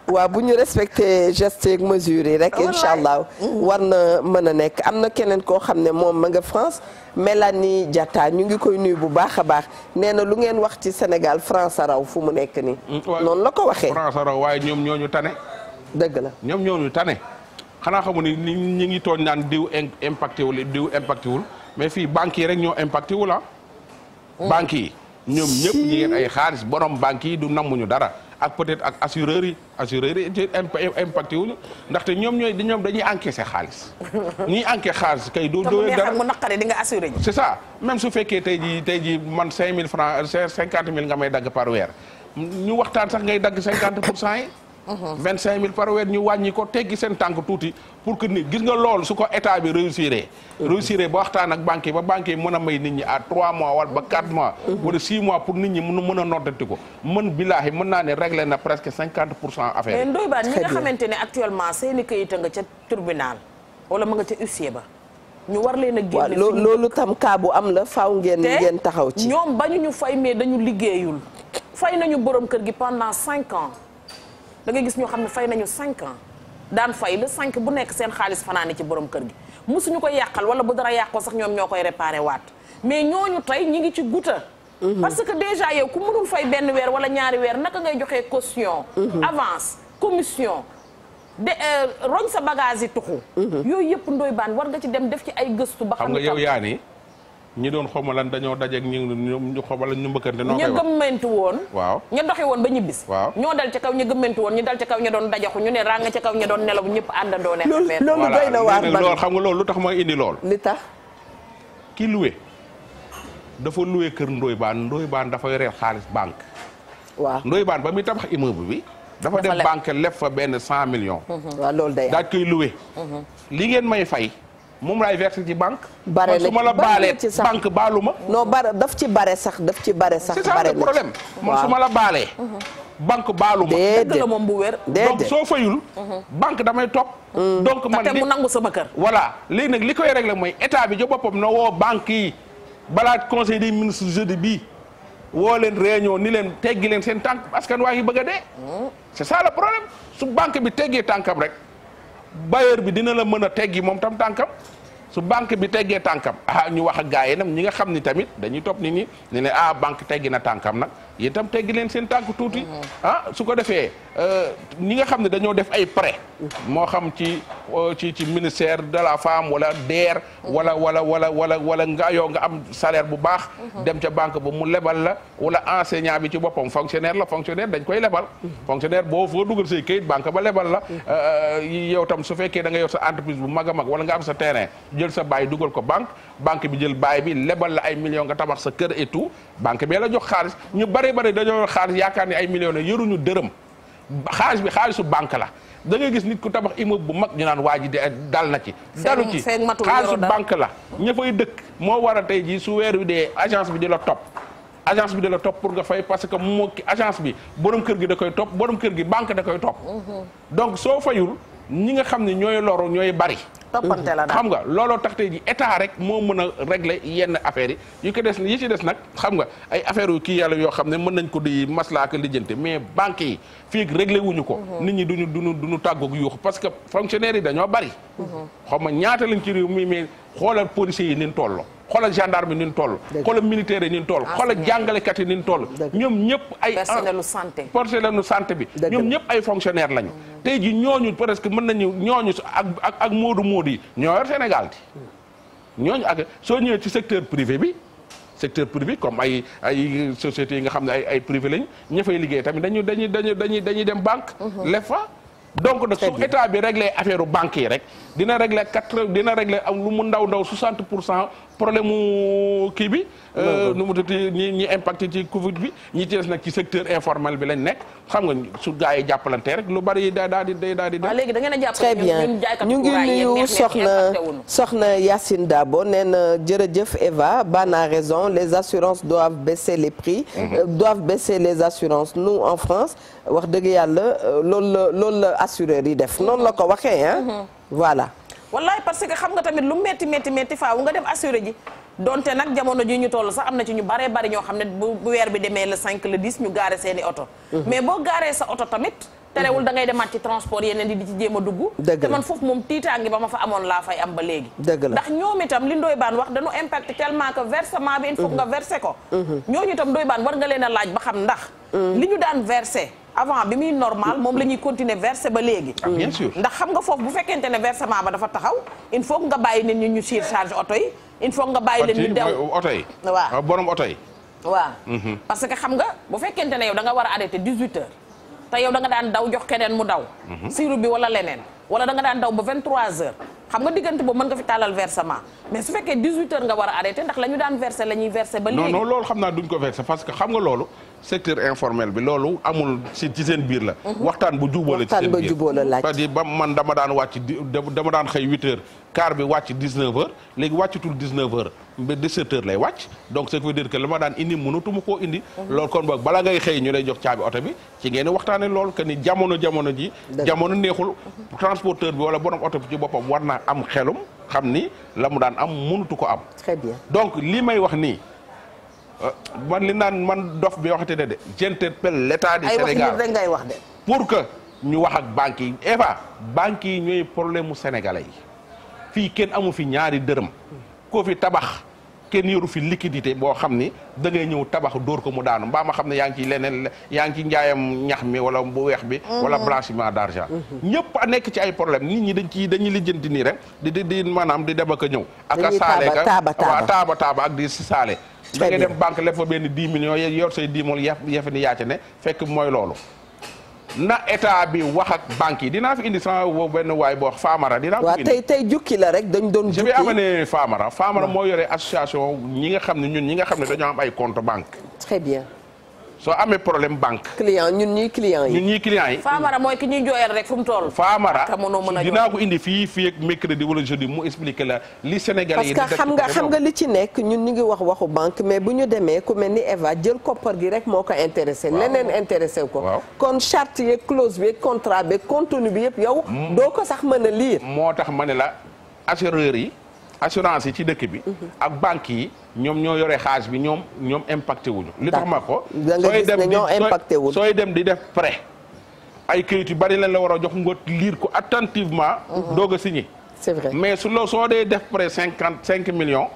S1: waaw bu ñu respecté gest yeeg mesures yi rek incha allah mm-hmm. war na mën a nekk am na keneen koo xam ne moom ma nga France Mélanie Diatta ñu ngi koy nuyu bu baax a baax nee na lu ngeen wax ci Sénégal France a raw fu mu nekk nii. Mm, noonu la ko waxee
S3: France a raw waaye ñoom ñoo ñu tane. dëgg la ñoom ñooñu ñu tane xanaa xamu ni ñi ngi tooñ naan diw impacté wul diw impacté wul mais fii banques yi rek ñoo impacté wul ah. Mm. banques yi ñoom ñëpp ñu ngeen ay xaalis borom banques yi du nammuñu dara. ak peut-être ak assureurs yi assureurs yi impacté wuñu ndaxte ñoom ñooy ñoom dañuy encaissé xaalis ñuy encaissé xaalis kay doo doo dara mu naqare di nga assuré ji c'est ça même su fekkee tey jii tey jii man cinq mille francs cinquante mille nga may dagg par weer ñu waxtaan sax ngay dagg cinquante pour cent yi Uh-huh. vingt cinq mille par weer ñu wàññi ko teggi seen tànk tuuti pour que ni gis nga loolu su ko état bi réussiré uh-huh. réussiré ba waxtaan ak banque yi ba banque yi mën a may nit ñi à trois mois wala ba quatre mois uh-huh. wala six mois pour nit ñi mën mën a noddati ko mën bilaahi mën naa ne réglé na
S2: presque cinquante pour cent affaire mais Ndoye Bane ne actuellement seeni këyit a nga ca wala ma nga ca huissier ñu war leen a génne loolu tam kaa bu am la faaw ngeen ngeen taxaw ci ñoom bañu ñu fay mais dañu liggéeyul fay nañu borom kër gi pendant cinq ans da ngay gis ñoo xam ne fay nañu cinq ans daan fay le cinq bu nekk seen xaalis fanaani ci borom kër gi musuñu ko yàqal wala bu dara yàqoo sax ñoom ñoo koy réparé waat mais ñooñu tey ñi ngi ci guta mhm. parce que déjà yow ku mënul fay benn weer wala ñaari weer naka ngay joxee caution mhm. avance commission de euh, roñ sa bagage yi tuxu mhm. yooyu yëpp ndoy baan war nga ci dem def ci ay gëstu ba xam nga yow yaa
S3: ni ñi doon xawma lan dañoo dajeeg ñu ñu xawma lan ñu mbëkkante noo koy wax ña
S2: gëmmentu woon waaw doxi woon
S3: ba ñibbis waaw
S2: ñoo dal ci kaw ña gëmmentu woon ñu dal ci kaw ña doon dajaxu ñu ne ràng ci kaw ña doon nelaw ñëpp àndandoo ne loolu
S3: doy xam nga loolu lu tax mooy indi loolu li tax ki loué dafa loué kër Ndoye Bane ndooy baan dafa reer xaalis banque waaw baan Bane ba muy tabax immeuble bi dafa dem banque leb fa benn cent million
S1: waaw loolu day daaj koy loué mhm.
S3: lii ngeen may fay moom laay verser ci banque. bare la ci baalee ci sax banque
S1: baalu ma. non bare daf ci bare sax daf ci bare sax. bare la ci problème man su banque baalu ma. moom bu wér. donc soo fayul. Mhm. banque damay top mhm. donc man li mu nangu sama
S3: kër. voilà léegi nag li koy réglé mooy état bi jo boppam na woo banque yi balaa conseil des ministres jeudi bii woo leen réunion ni leen teggi leen seen tànk askan waa ngi bëgg a dee. Mhm. c'est ça le su banque bi teggee tànkam rek. bailleur bi dina la mën a teggi moom tam tànkam su banque bi teggee tànkam ah ñu wax a gars yi nag ñi nga xam ni tamit dañuy topp nit ñi ne ne ah banque teggi na tànkam nag yéen itam teggi leen seen tànk tuuti. Mm. ah su ko defee euh, ñi nga xam ne dañoo def ay prêt. moo xam ci euh, ci ci ministère de la femme wala DER. wala wala wala wala wala nga yow nga am salaire bu baax. Mm-hmm. dem ca banque ba mu lebal la wala enseignant bi ci boppam fonctionnaire la fonctionnaire dañ koy lebal. Mm-hmm. fonctionnaire boo foo dugal say kayit banque ba lebal la. Mm-hmm. Euh, yow tam su fekkee da nga yor sa entreprise bu mag a mag wala nga am sa terrain jël sa bàyyi dugal ko banque. banque bi jël baay bi lebal la ay million nga tabax sa kër et tout banque bee la jox xaalis ñu bari bari dañoo yor xaalis yaakaar ni ay millions ne yëruñu dërëm xaalis bi xaalisu banque la da gis nit ku tabax immeuble bu mag ñu naan waa ji de dal na ci dalu ci xaalisu banque la ña fay dëkk moo war a tey jii su weer wi dee agence bi di la topp agence bi da la topp pour nga fay parce que moo agence bi borom kër gi da koy topp borom kër gi banque da koy topp mhm. donc soo fayul ñi nga xam ne ñooy loru ñooy bari toppante la daal xam nga looloo tax tey ji état rek moo mën a régler yenn affaires yi ko des yi ci des nag xam nga ay affaire wu kii yàlla yoo xam ne mën nañ ko di maslaa ak lijjante mais banque yi fii réglé wuñu ko mhm. nit ñi duñu duñu duñu tàggoog yuuxu parce que fonctionnaire yi dañoo bari mhm. xaw ma ñaata lañ ci réew mi mais xoolal policiers yi nin tolloo xoolal gendarme yi ni ñu toll. xoolal militaire yi ni ñu toll. Ah, xoolal jàngalekat yi ni ñu toll. ñoom ñëpp ay. personnelu santé personnelu santé bi. ñoom ñëpp ay fonctionnaire lañu. tey ji ñooñu presque mën nañu ñooñu ak ak ak moodu moodu yi ñoo yor Sénégal bi. ñooñu ak soo ñëwee ci secteur privé bi. secteur privé comme ay ay sociétés yi nga xam ne ay ay privé lañu ña liggéey tamit dañu dañuy dañuy dañuy dem banque. Mhm. les fa donc nag su état bi réglé affaire banque yi rek. dina réglé quatre dina réglé am lu mu ndaw ndaw 60 pour cent problème mu kii bi. Euh, nu mu tuddati ñi ñi impact ci Covid bi ñi ci des ci secteur informel bi lañ nekk xam nga su gaa yi jàppalante rek lu bari daa daa di day daa di. waaw léegi da ngeen a jàpp très bien ñu ngi nuyu
S1: soxna soxna daa bo nee na jërëjëf Eva Ban a raison les assurances doivent baisser les prix. Mhm. Euh, doivent baisser les assurances nous en France wax dëgg yàlla euh, loolu la loolu la assureur yi def mhm. noonu la ko waxee ah. voilà.
S2: wallaay parce que xam nga tamit lu metti metti metti faaw nga dem assuré ji donte nag jamono ji ñu toll sax am na ci ñu baree bari ñoo xam ne bu weer bi demee la 5 le 10 ñu gaare seeni oto mhm. mais boo gaaree sa oto tamit terewul mhm. da ngay demaat ci transport yeneen di di ci jéem a dugg te man foofu moom tiitaangi ba ma fa amoon laa fay am ba léegi ndax ñoom itam li Ndoye Bane wax dañu impact tellement que versement bi il faut mhm. nga versé ko ñooñu itam Ndoye Bane war nga leen a laaj ba xam ndax li ñu daan versé avant bi muy normal moom la ñuy continuer verser ba léegi. Ah, bien sûr ndax xam nga foofu bu fekkente ne versement ba dafa taxaw il faut nga bàyyi nit ñi ñu surcharge oto yi il faut nga bàyyi leen ñu dem oto
S3: yi ah, borom oto yi waaw mhm.
S2: parce que xam nga bu fekkente ne yow da nga war a arrêter 18 heures te yow da nga daan daw jox keneen mu daw mhm. siru bi wala leneen wala da nga daan daw ba 23h xam nga diggante boobu mën nga fi taalal versement mais su fekkee 18h nga war a arrêté ndax la daan versé la ñuy ba léegi non
S3: non xam naa duñ ko versé parce que xam nga loolu secteur informel bi loolu amul ci seen biir la. Mhm. waxtaan bu jubóo la ci seen biir waxtaan bu jubóo la laaj. c'est-à-dire ba man daan wàcc dama daan xëy 8h car bi wàcc 19h léegi wàccatul 19h ba 17h lay wàcc donc ce qui que la ma daan indi mënatuma koo indi. Mhm. loolu kon boog bala ngay xëy ñu lay jox caabi oto bi ci ngeen waxtaane loolu que transporteur bi wala borom oto bi ci boppam war naa am xelum xam ni la mu daan am mënutu ko am. très donc lii may wax nii. Euh, man li naan man dof bi waxate ne de j'interpelle l'état du Sénégal ay wax ngay wax de. pour que ñu wax ak banques yi Eva banques yi ñooy problème mu sénégalais yi fii kenn amu fi ñaari dërëm koo fi tabax kenn yoru fi liquidité boo xam ni da ngay ñëw tabax dóor ko mu daanu mbaa ma xam ne yaa ngi ci leneen yaa ngi ci njaayam ñax mi wala bu weex bi mhm. wala blanchiment d'argent mhm. ñëpp a nekk ci ay problème nit ñi dañ ci dañuy lijjanti nii rek di di di maanaam di dem ak a ñëw ak a saale ka waaw taaba taaba ak di si saale da ngay dem banque leb fa benn 10 millions yor say 10 mool yafe ni yaaca ne fekk mooy loolu na état bi wax ak banques yi dinaa fi indi sama waay boo wax Famara dinaa ko indi tey tey
S1: rek dañ doon jukki
S3: je vais faamara Famara Famara moo yore association ñi nga xam ne ñun ñi nga xam ne dañoo am ay compte banque
S1: très
S2: bien
S3: soo amee problème banque.
S1: client ñun ñii clients yi ñun
S3: ñii clients yi.
S2: Famara mooy ki ñuy jooyal rek fu mu toll. Famara dinaa ko
S3: indi fii fii ak mercredi wala jeudi mu expliquer la li Sénégalais yi. parce que xam nga xam nga
S1: li ci nekk ñun ñu ngi wax waxu banque mais bu ñu demee ku mel ni Eva jël koppar gi rek moo ko intéressé. leneen intéressé ko. kon charte yeeg clause bi yeeg contrat bi contenu bi yëpp yow. Hmm. doo ko sax mën a lire.
S3: moo tax ma ne la assureur yi. assurance yi ci dëkk bi. Mhm. ak banques yi ñoom ñoo yore xaalis bi ñoom ñoom impacté wuñu li tax ma ko. sooy dem di impacté wuñu sooy dem di def prêt. ay këyit yu bari lañ la war a jox nga liir ko attentivement. Mhm. doog a signé. c'est vrai mais su loo soo dee def prêt cinquante cinq millions.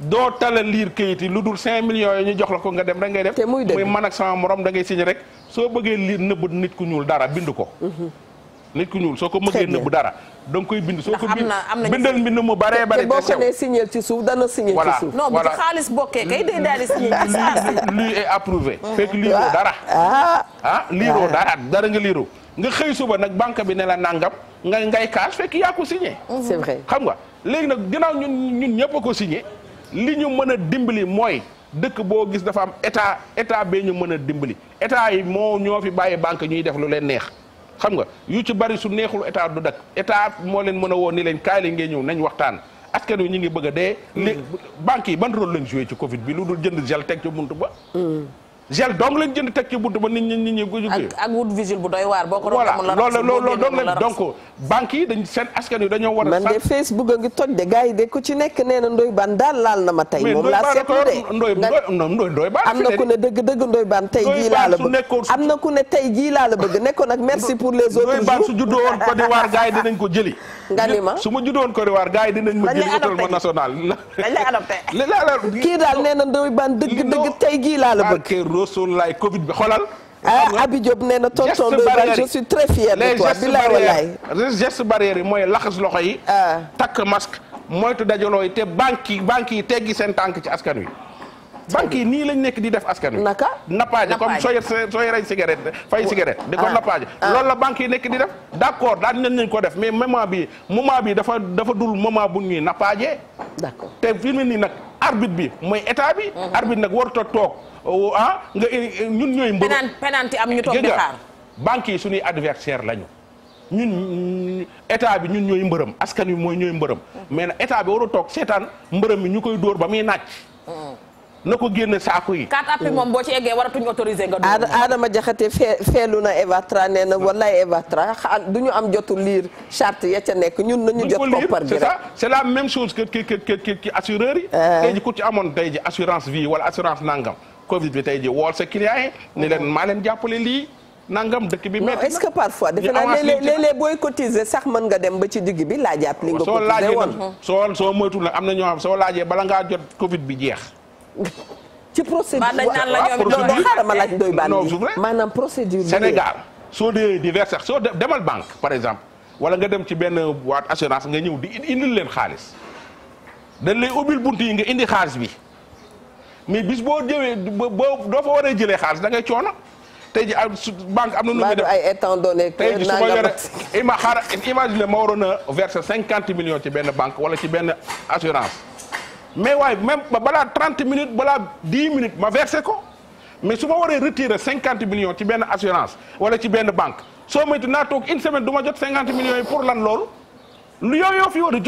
S3: doo tala liir kayit yi lu dul cinq millions yi ñu jox la ko nga dem rek ngay def. te muy man ak sama morom da ngay rek soo bëggee liir nëbb nit ku ñuul dara bind ko. Mhm. nit ku ñuul soo ko mëggee nëbb dara danga koy bind soo ko bind bindal
S2: mbind mu baree bare boo ko
S1: nee signal ci suuf dana signal
S2: ci
S3: suuf non bu ci xaalis bokkee kay day daal di signal lii est
S1: approuvé mm. fekk liiroo ah. dara ah, ah liiroo ah. dara nga
S3: liiroo nga xëy suba nag banque bi ne la nangam nga ngay cash fekk yaa ko signé mm-hmm. c'est vrai xam nga léegi nag ginnaaw ñun ñun ñëpp a ko signé li ñu mën a dimbali mooy dëkk boo gis dafa am état état bee ñu mën a dimbali état yi moo ñoo fi bàyyi banque ñuy def lu leen neex xam nga yu ci bari su neexul état du dak état moo leen mën a woo ni leen kaay leen ngeen ñëw nañ waxtaan askan wi ñu ngi bëgg a dee. Mm. li banques yi ban rôle lañ joué ci Covid bi lu dul jënd gel teg ca buntu ba. Mm. gel dong lañ jënd teg ci bunt ba nit ñi nit ñi
S2: guju bu doy
S3: waar boo ko voilà loolu loolu dong la donc banque yi dañ seen de
S1: Facebook a ngi toj de gars yi de ku ci nekk nee na Ndoye Bane daal laal na ma tey moom laa am na ku ne dëgg dëgg Ndoye Bane tey jii laa la bëgg am na ku ne tey jii la bëgg nekkoon nag merci pour les autres jours Ndoye Bane su juddoo woon Côte d'Ivoire gars ko jëli nga ma su ma juddoo woon Côte d'Ivoire gars yi dinañ ma jëli ma national dañ lay kii daal nee na Ndoye Bane dëgg dëgg tey la Rasulullaay Covid bi xolal. ah Abi Diop nee na tonton Doba je suis yi
S3: mooy laxas loxo yi.
S1: Ah. takk
S3: masque moytu dajaloo yi te banques yi banques yi teggi seen tànk ci askan wi. banques yi nii lañ nekk di def askan wi. naka nappaaje comme sooy sooy rey cigarette fay ah. cigarette. di ko ah. nappaaje loolu la banques yi nekk di def. d' accord daan nañ nañ ko def mais moment bi moment bi dafa dul moment bu nappaaje. te fi nag arbitre bi mooy état bi. Mm-hmm. arbitre nag warut a toog. Euh, ah nga eh, eh, ñun ñooy. mbër penalty am ñu toog di xaar banque yi suñuy adversaire lañu. ñun état bi ñun ñooy mbërëm askan wi mooy ñooy mbërëm. mais nag état bi waru toog seetaan mbërëm mi ñu koy dóor ba muy naaj. Mm. na ko génn
S2: saako yi. carte appui moom boo ci eggee waratuñu autorisé nga.
S1: Adama Jaxate fee feelu na Evatra nee na wallaay Evatra du ñu am jotu liir charte ya nekk ñun nañu jot. koppar gi rek
S3: c' est la même chose que que que que assureur yi. Euh. tey ji ku ci amoon tey ji assurance vie wala assurance nangam. Covid bi tey ji wool sa client yi leen maa leen jàppale lii nangam dëkk bi métti est-ce
S1: que parfois defe naa léeg-léeg booy cotiser sax mën nga dem ba ci digg bi laajaat li nga cotiser woon
S3: soo soo moytul nag am na ñoo xam soo laajee bala nga jot Covid bi jeex
S1: ci procédure xaaral ma laaj doy baan bi maanaam procédure Sénégal
S3: soo dee divers sax soo demal banque par exemple wala nga dem ci benn waat assurance nga ñëw di indil leen xaalis dan lay ubbil bunt yi nga indi xaalis bi mais bis boo jëwee boo doo fa waree jëlee xaalis da ngay coono tey ji banque am na nu muy def ay étant donné tey ji su ma yore ima ma waroon a verser cinquante millions ci benn banque wala ci benn assurance mais waaye même balaa trente minutes balaa dix minutes ma verser ko mais su ma waree retirer cinquante millions ci benn assurance wala ci benn banque soo moytu naa toog une semaine du ma jot cinquante million yi pour lan loolu lu yooyu yoo fi war a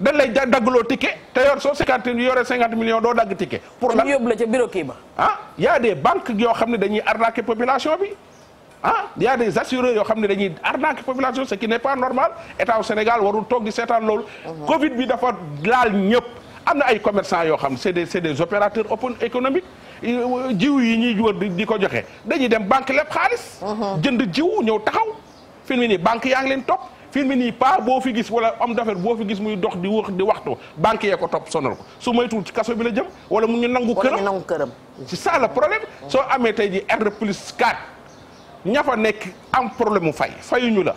S3: dañ lay daggloo ticket te yor soo cinquante yore cinquante millions doo dagg ticket. pour la yóbbu la ca kii ba. ah y a yoo xam ne dañuy arnaquer population bi ah y a des assureurs yoo xam ne dañuy arnaquer population ce qui n'est pas normal état au Sénégal warul toog di seetaan loolu. Mhm. Covid bi dafa laal ñëpp. am na ay commerçants yoo xam c'est des c'est des opérateurs open économique euh, jiw yi ñuy wër di ko joxe dañuy dem banque lépp xaalis. Mhm. jënd jiw ñëw taxaw fi mu nii banque yaa ngi leen topp. fi mu nii pas boo fi gis wala homme d'affaires boo fi gis muy dox di wax di waxtu banque yee ko topp sonal ko su moytuwul ci kaso bi la jëm wala mu ñu nangu këram c'est ça problème soo amee tey ji R plus 4 ña fa nekk am problème mu fay fayuñu la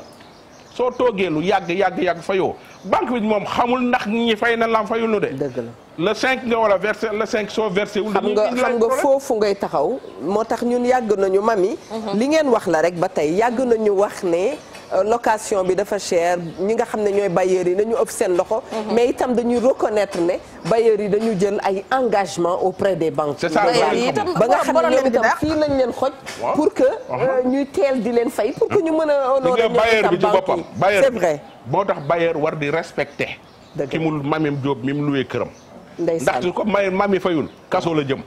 S3: soo toogee lu yàgg yàgg yàgg fayoo banque bi moom xamul ndax ñi fay na lam fayul de dëgg la le 5 nga war a versé le soo versé wul. xam nga xam nga
S1: foofu ngay taxaw moo tax ñun yàgg nañu mami. Mhm. li ngeen wax la rek location bi dafa cher ñi nga xam ne ñooy bailleurs yi dañu ëpp seen loxo. Mhm. mais itam dañuy reconnaître ne bailleurs yi dañu jël ay engagement au auprès des banques. c'est ça ba nga xam ne ñoom itam fii lañ leen xoj. pour que uh-huh. euh, ñuy teel di leen fay pour que ñu mën a honorer ñoom itam banque
S3: yi c'est vrai. boo tax bailleur war di respecter. dëgg ki mu mamim Diop mi mu luwee këram. ndeysaan ndax su ko may mami fayul kaso la jëm.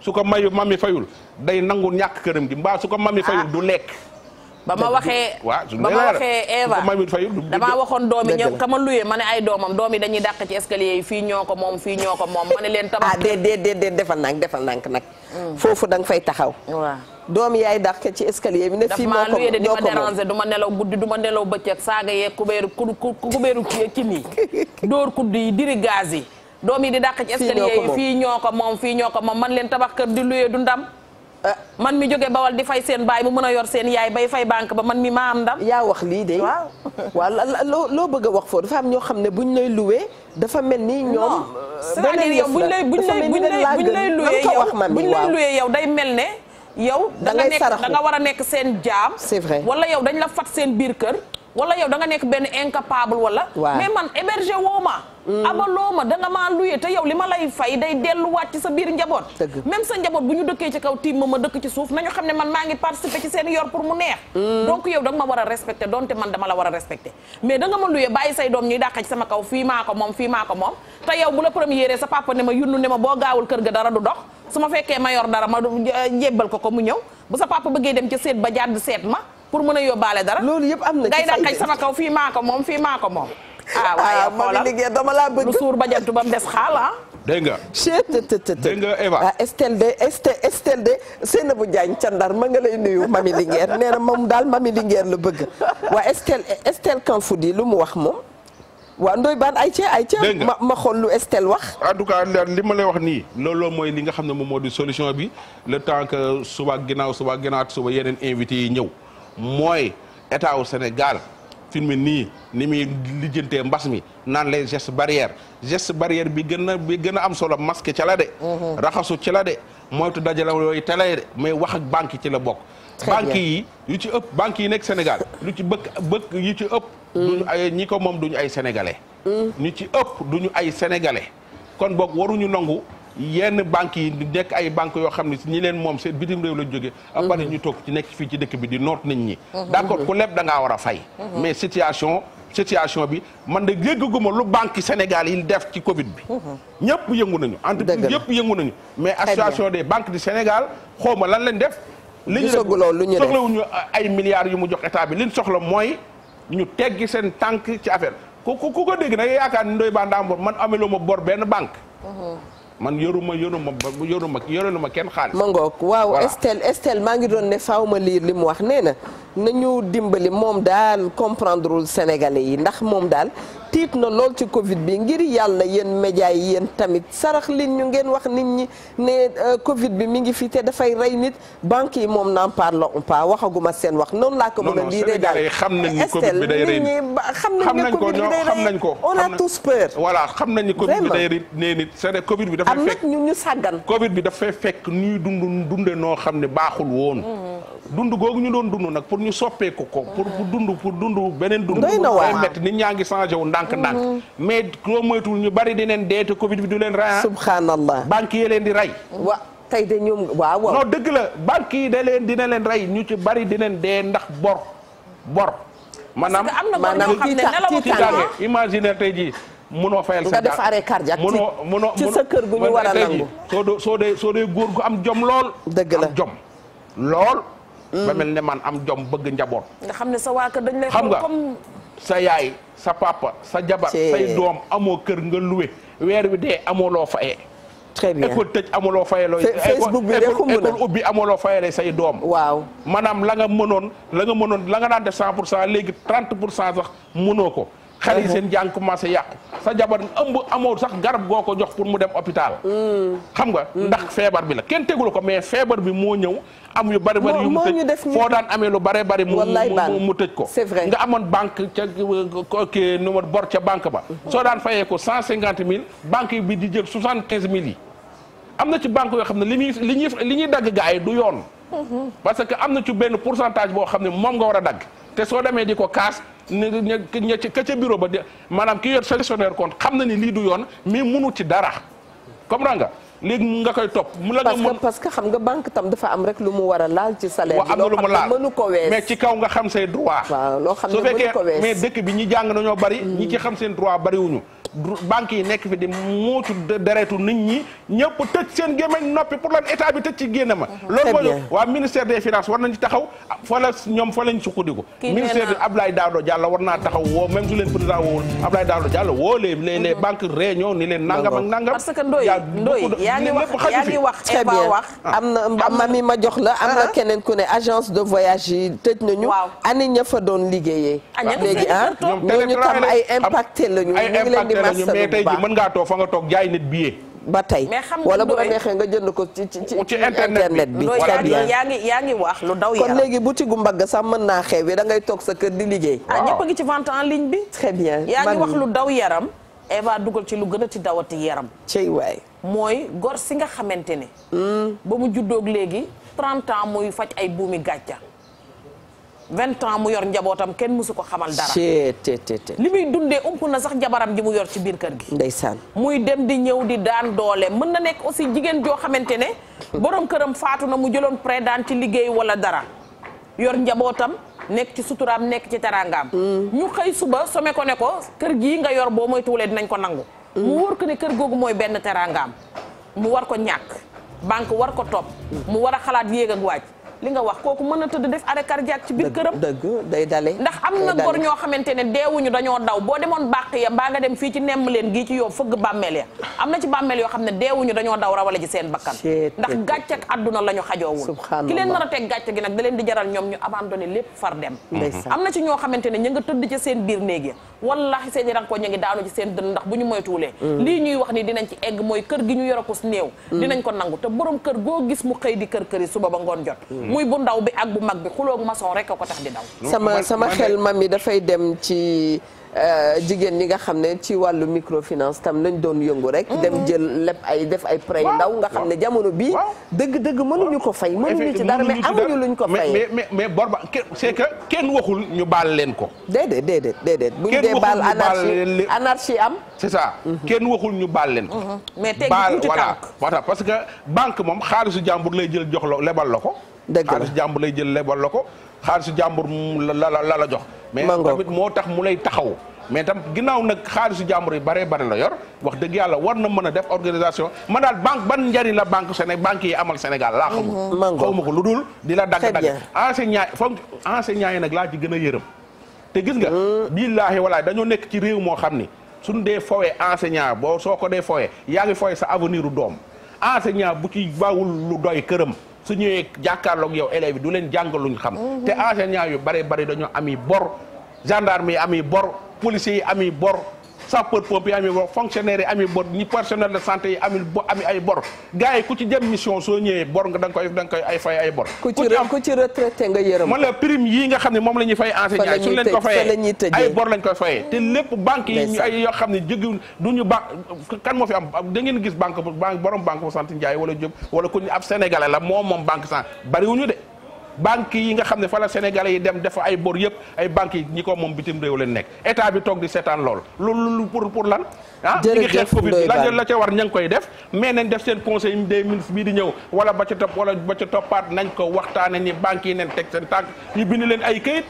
S3: su ko mayu mami fayul day nangu ñàkk këram gi mbaa ko mami ah. fayul du lekk.
S2: ba ma waxee ba ma waxee Eva
S3: damaa waxoon doomi ñëw ka
S2: ma luyee ma ne ay doomam doom yi dañuy dàq ci escalier yi fii ñoo ko moom fii ñoo ko moom ma leen tabax ah déedéet déedéet defal ndànk defal ndànk nag
S1: mm. foofu da nga fay taxaw waaw doom yaay dàq ci escalier bi ne fii moo ko moom daf maa déranger du
S2: ma nelaw guddi du ma nelaw bëccëg saaga yeeg kubéeru kubéeru cin yi dóor kudd yi diri gaz doom yi di dàq ci ñoo ko fii ñoo ko moom man leen tabax kër di luyee du ndam Eh, man mi jóge bawal di fay seen baay mu mën a yor seen yaay bay fay banque ba man mi maa am ndam. yaa
S1: wax lii de. waaw waaw loo loo bëgg a wax foofu dafa am ñoo xam ne buñ lay loué dafa mel ni ñoom. Euh, beneen yëf la wax man mi waaw buñ lay loué yow day
S2: mel ne. yow da nga nekk nga war a nekk seen jaam. c'est vrai wala yow dañ la fat seen biir kër. wala yow danga nekk benn incapable wala. mais man héberger woo ma. Mm. abaloo ma da nga maa luye te yow li ma lay fay day delluwaat ci sa biir njaboot. même sa njaboot bu ñu dëkkee ci kaw tiim ma ma dëkk ci suuf nañu xam ne man maa ngi participer ci seen yor pour mu neex. Mm. donc yow da nga ma war a respecter donte man dama la war a respecter mais da nga ma luye bàyyi say doom ñuy dàqa ci sama kaw fii maa ko moom fii maa ko moom te yow bu la première sa papa ne ma yunnu ne ma boo gaawul kër ga dara du dox. su ma fekkee ma yor dara ma euh, jébbal ko ko mu ñëw bu sa papa bëggee dem ca seet ba jàdd seet ma pour mën a yóbbaale dara. loolu yëpp am na ci fay sama kaw fii maa moom fii maa moom. ah, ah waaye ah, dama laa bëgg. lu suur ba jant ba mu des xaal ah. dégg
S1: nga. dégg nga Eva. ah Estelle de Estelle de Seynabou Diagne ca Ndar ma nga lay nuyu mami Linguère nee na moom daal mami Linguère la bëgg waa Estelle Estelle Kanfoudi lu mu wax moom. waa Ndoye Bane ay ca ay ca ma ma xool lu Estelle wax. en tout li ma lay wax nii looloo mooy li nga xam ne moom
S3: moo di solution bi le temps que suba ginaaw suba ginnaaw suba yeneen invité yi ñëw. mooy état wu Sénégal fi mu nii ni muy lijjantee mbas mi naan les gestes barrières geste barrière bi gën a bi gën a am solo masque ci la de. Mhm. raxasu ci la de moytu dajale yooyu télé de mais wax ak banque ci la bokk. banque yi yu ci ëpp banque yi nekk Sénégal lu ci bëkk bëkk yu ci ëpp. Mm. duñu ay moom duñu ay sénégalais. Mm. ñu ci ëpp duñu ay sénégalais kon boog waruñu nangu. yenn banques yi nekk ay banques yoo xam ne ñi leen moom seen bitim réew la jóge après mhm. ñu toog ci nekk fii ci dëkk bi di noot nit ñi mhm. d'accord ku leb da war a fay mhm. mais situation situation bi man de dégguma lu banque Sénégal yi def ci Covid bi. ñëpp yëngu nañu. entreprise yëpp yëngu nañu. mais association des banque du Sénégal xaw ma lan lañ def. li ñu def soxlawuñu ay milliards yu mu jox état bi li ñu soxla mooy ñu teggi seen tànk ci affaire ku ku ko dégg na yaakaar
S1: ni ndoy baa ndaam bor man ameloo ma bor benn banque.
S3: man yoruma yoruma ba yoruma yoreluma kenn xaalis.
S1: ma ngoog waaw Estelle Estelle maa ngi doon ne faaw ma liir li mu wax nee na nañu dimbali moom daal comprendrewul Sénégalais yi ndax moom daal tiit na lool ci Covid bi ngir yàlla yéen média yi yéen tamit sarax lin ñu ngeen wax nit ñi ne euh, Covid bi mi ngi fii te dafay rey nit banque yi moom n'en parlons pas waxaguma seen wax noonu laa ko mën a liiree daal xam nañ ni Covid bi day rey
S2: xam nañ ko ñoo xam nañ
S1: ko on a
S3: tous peur voilà xam nañ ni Covid bi day rey nee nit Covid bi dafay fekk am nag ñu bi dafay fekk ñuy dund dunde noo xam ne baaxul woon mm-hmm. dund googu ñu doon dund nag pour ñu soppeeku ko pour pour dund pour dund beneen dund day met ni ñaa ngi changé wu ndànk-ndànk mm-hmm. mais loo moytul ñu bari dineen deete covid bi du leen ray ah. subhanallah banque ye leen di rey wa tey de ñoom waaw waaw dëgg la banque yi da leen dina leen rey ñu ci bari dinañ dee ndax bor bor maanaam maanaam tiitaange imagine tey jii mënoo fayal sa nga def arrêt cardiaque mënoo mënoo ci sa kër gu ñu war a nangu soo dee soo soo dee góor am jom lool dëgg la am jom lool Mm. ba mel ne man am jom bëgg njaboot.
S2: nga xam ne sa waa kër dañ lay xam nga
S3: sa yaay sa papa sa jabar say doom amoo kër nga luwe weer wi dee amoo loo fayee. très bien école tëj amuloo fayaloo. Facebook bi de xumb na école ubbi amuloo fayalee say doom. waaw maanaam la nga mënoon la nga mënoon la nga daan def 100 pour cent léegi trente pour cent sax mënoo ko. xale yi seen jàng commencé yàqu sa jabar ëmb amoo sax garab goo ko jox pour mu dem hôpital mm. xam nga mm. ndax feebar bi la kenn tegul ko mais feebar bi moo ñëw am yu bari bari yu mu tëj foo daan amee lu bare bari mu tëj ko nga amoon banque ca kii numéro bor ca banque ba mm-hmm. soo daan fayee ko cent cinquante mille banque bi di jël soixante quinze mille yi am na ci banque yoo xam ne li ñuy li ñuy li ñuy dagg gaa yi du yoon mm-hmm. parce que am na ci benn pourcentage boo xam ne moom nga war a dagg te soo demee di ko kaas ña ca ca bureau ba de maanaam ki yor gestionnaire compte xam na ni lii du yoon mais munu ci dara comprends nga léegi nga koy topp. mu la nga mën
S1: parce que xam nga banque tam dafa am rek lu mu war a laal ci salaire. am na lu mu laal mënu
S3: mais ci kaw nga xam say droit. waaw loo xam ne mënu ko su fekkee mais dëkk bi ñi jàng nañoo bari. ñi ci hmm. xam seen droit bariwuñu banque yi nekk fi di muucu deretu nit ñi ñëpp tëj seen gémmiñ noppi pour lan état bi tëj ci génne ma mm-hmm. loolu mooy waa ministère des finance war nañu taxaw ah, fa la ñoom fa lañ sukkandiku ministère de Abdoulaye Daouda Diallo war naa taxaw woo même su leen président woowul Abdoulaye Daouda Diallo woo les les mm-hmm. banques réunion ni leen nangam ak
S2: nangam parce que ndooy ndooy yaa ngi wax yaa ngi wax
S1: ah. am na mami ma jox la am na uh-huh. keneen ku ne agence de voyage yi tëj nañu ani ña fa doon liggéeyee ah, léegi ah ñooñu tam ay ñu ngi nañu tey ji mën
S3: ngaa toog fa nga toog jaay nit billet ba tey wala bu la neexee
S1: nga jënd ko ci
S2: ci ci internet bi yaa ngi yaa ngi wax lu daw kon
S1: léegi boutique gu mbagg sax mën naa xew da ngay toog sa kër di
S2: liggéey ah ñëpp a
S1: ngi ci vente en bi très bien
S2: wax lu daw yaram Eva dugal ci lu gën a ci dawati yaram cey waay mooy gor si nga xamante ne hmm. ba mu juddoog léegi 30 ans muy faj ay buumi gàcca vingt ans mu yor njabootam kenn mësu ko xamal dara li muy dundee ump na sax jabaram ji mu yor ci biir kër gi ndeysaan muy dem di ñëw di daan doole mën na nekk aussi jigéen joo xamante ne borom këram faatu na mu jëloon pré daan ci liggéey wala dara yor njabootam nekk ci suturaam nekk ci teraangaam mm. ñu xëy suba some ko ne ko kër gii nga yor boo moytuwulee dinañ ko nangu mm. mu wóor ko ne kër googu mooy benn teraangaam mu war ko ñàkk banque war ko topp mm. mu war a xalaat yéeg ak waaj li nga wax kooku mën a tëdd def arrêt cardiaque ci biir këram dëgg day dale ndax am na góor ñoo xamante ne deewuñu dañoo daw boo demoon bàq ya mbaa nga dem fii ci nemm leen gii ci yoon fëgg bàmmeel ya am na ci bàmmeel yoo xam ne deewuñu dañoo daw rawale ji seen bakkan ndax gàcce ak àdduna la ñu xajoowul ki leen nar a teg gàcce gi nag da leen di jaral ñoom ñu abandonné lépp far dem am na ci ñoo xamante ne ñu nga tëdd ca seen biir néeg ya wallahi seen rankoo ñu ngi daanu ci seen dënn ndax bu ñu moytuwulee mm. lii ñuy wax ni dinañ ci egg mooy kër gi ñu yorakus néew mm. dinañ ko nangu te borom kër goo gis mu xëy di kër kër yi ngoon jot mm. Mm. muy bu ndaw bi ak bu mag bi xuloog maçon rek a ko tax di daw. sama sama xel
S1: mam mi dafay dem ci euh, jigéen ñi nga xam ne ci wàllu microfinance tam lañ doon yëngu rek. Mm. dem jël lépp ay def ay prêt ndaw nga xam ne jamono bii. dëgg dëgg mënuñu ko fay. mënuñu ci dara mais amuñu luñ ko mais
S3: mais mais bor ba c'est que kenn waxul ñu leen ko. déedéet déedéet déedéet. buñ dee baal anarchie
S1: anarchie am.
S3: c'est ça mm-hmm. kenn waxul ñu baal leen ko.
S2: Mm-hmm. mais tey jii baal
S3: voilà parce que banque moom xaalisu jàmbur lay jël jox la lebal la ko. dëgg la xaalisu jàmbur lay jël lebal la ko xaalisu jàmbur la la la jox. mais tamit moo tax mu lay taxaw. mais tam ginnaaw nag xaalisu jàmbur yi bare bare la yor wax dëgg yàlla war na mën a def organisation ma daal banque ban njariñ la banque Séné banque yi amal Sénégal laa xamul. Mm-hmm. xawma ko lu dul di la dagg dagg. enseignant foog enseignant yi nag laa ci gën a yërëm. te gis nga. Mm. billaahi walaay dañoo nekk ci réew moo xam ni suñ dee fowee enseignant boo soo ko dee fowee yaa ngi fowee sa avenir doom enseignant bu ci bawul lu doy këram. su ñëwee jàkkaarloog yow élèves du leen jàngal luñ xam. Mhm. te enseignants yu bari bari dañoo ami bor gendarme yi ami bor policiers yi ami bor. sapeur pompier ami bor fonctionnaire yi ami bor ñi personnel de santé yi ami bor gars yi ku ci jëm mission soo ñëwee bor nga koy da ay bor ku
S1: ci retraité nga yërëm man la prime yii nga xam ne
S3: moom la ñuy fay enseignant yi suñu leen ko fayee ay bor lañ koy fayee te lépp banque yi ay yoo xam ne jéggiwul du ñu kan moo fi am da ngeen gis banque banque borom banque bu sant Ndiaye wala Diop wala ku ñu ab sénégalais la moom moom banque sant bariwuñu de banque yi nga xam ne fala la yi dem dafa ay bor yëpp ay banque yi ñi ko moom bitim réew leen nekk état bi toog di seetaan lool loolu pour pour lan ah ñi ngi xeex covid la la ca war ña ngi koy def mais nañ def seen conseil des ministres bii di ñëw wala ba ca topp wala ba ca toppaat nañ ko waxtaane ni banques yi neen teg seen tànk ñi bind leen ay këyit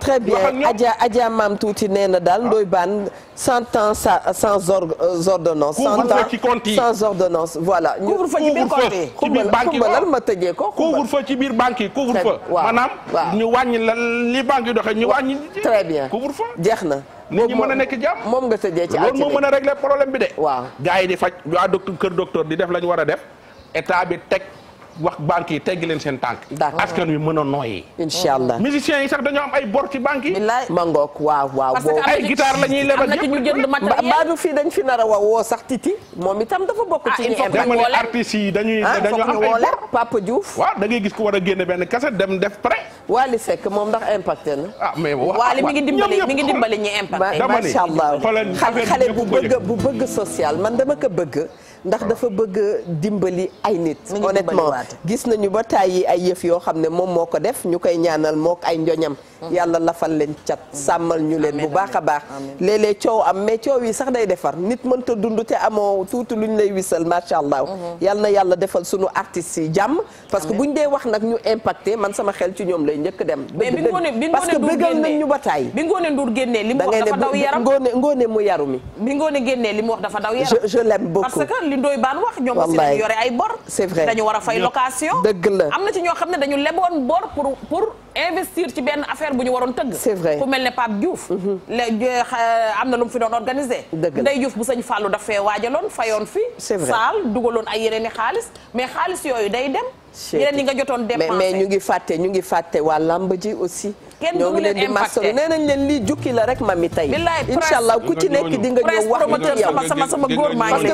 S1: très bien Adja Adja maam tuuti nee na daal ah. Ndoye Bane cent ans sans euh, ordonnance. couvre-feu ci compte yi sans ordonnance voilà. couvre fa ci biir compte yi xumbalal ma tëjee ko. couvre-feu ci banque yi couvre-feu. waaw maanaam ñu wàññi la li
S3: banque yi doxee ñu wàññi. très bien couvre-feu jeex na. nit ñi mën a nekk jàmm moom nga tëjee ci loolu moo mën a régler problème bi de. waaw yi di faj waa kër docteur di def la ñu war a def état bi teg. wax banques yi teggi leen seen tànk. askan wi mën a noyyi. incha allah oh. musiciens yi sax dañoo am
S1: ay bor ci banques yi. ma ngoog waaw waaw. boobu ay guitare la ñuy lebal yëpp am na dañ fi nar a woo sax titi moom itam dafa bokk ah, ci. ñu artistes yi dañuy ah, dañoo am ay bor
S3: Papa Diouf. waaw da ngay gis ku war a génne benn cassette dem def prêt. Wally
S1: Seck moom ndax
S3: impacté
S2: na. ah mais Wally mi mi ngi dimbali ñi impacté. macha allah xale bu bëgg
S1: bu bëgg social man dama bëgg ndax dafa bëgg dimbali ay nit honnêtement gis nañu ba taay yi ay yëf yoo xam ne moom moo ko def ñu koy ñaanal mook ay njoñam hmm. yàlla lafal leen cat hmm. sàmmal ñu leen bu baax a baax léeg-léeg coow am mais coow yi sax day defar nit mënta dund te amoo tuuti ñu lay wisal macha allah hmm. yal na yàlla defal suñu artistes yi jàmm parce que bu ñu dee wax nag ñu impacte man sama xel ci ñoom lay njëkk dem
S2: parce que bëggal nañ ñu ba tàyyi bi ngoone nduur génnee li mu wax dafa daw yaram mu yaru mi bi ngoone li mu wax dafa daw yaram Ndoye Bane wax ñoom aussi dañu yore ay bor c'est vrai dañu war a fay location dëgg la am na ci ñoo xam ne dañu leboon bor pour pour investir ci benn affaire bu ñu waroon tëgg c'est vrai mel ne Pape Diouf mhm. léegi am na lu mu fi doon organisé day Diouf bu sëñ Fallou dafee waajaloon fayoon fi saal dugaloon ay yeneen i xaalis mais xaalis yooyu day dem yeneen yi nga jotoon dépensé mais ñu
S1: ngi fàtte ñu ngi fàtte waa làmb ji aussi.
S2: kenn du leen impacté ñoo
S1: nee nañ leen lii jukki la rek mami tey. incha allah ku ci nekk di nga ñëw wax ci yow sama sama góor maa ngi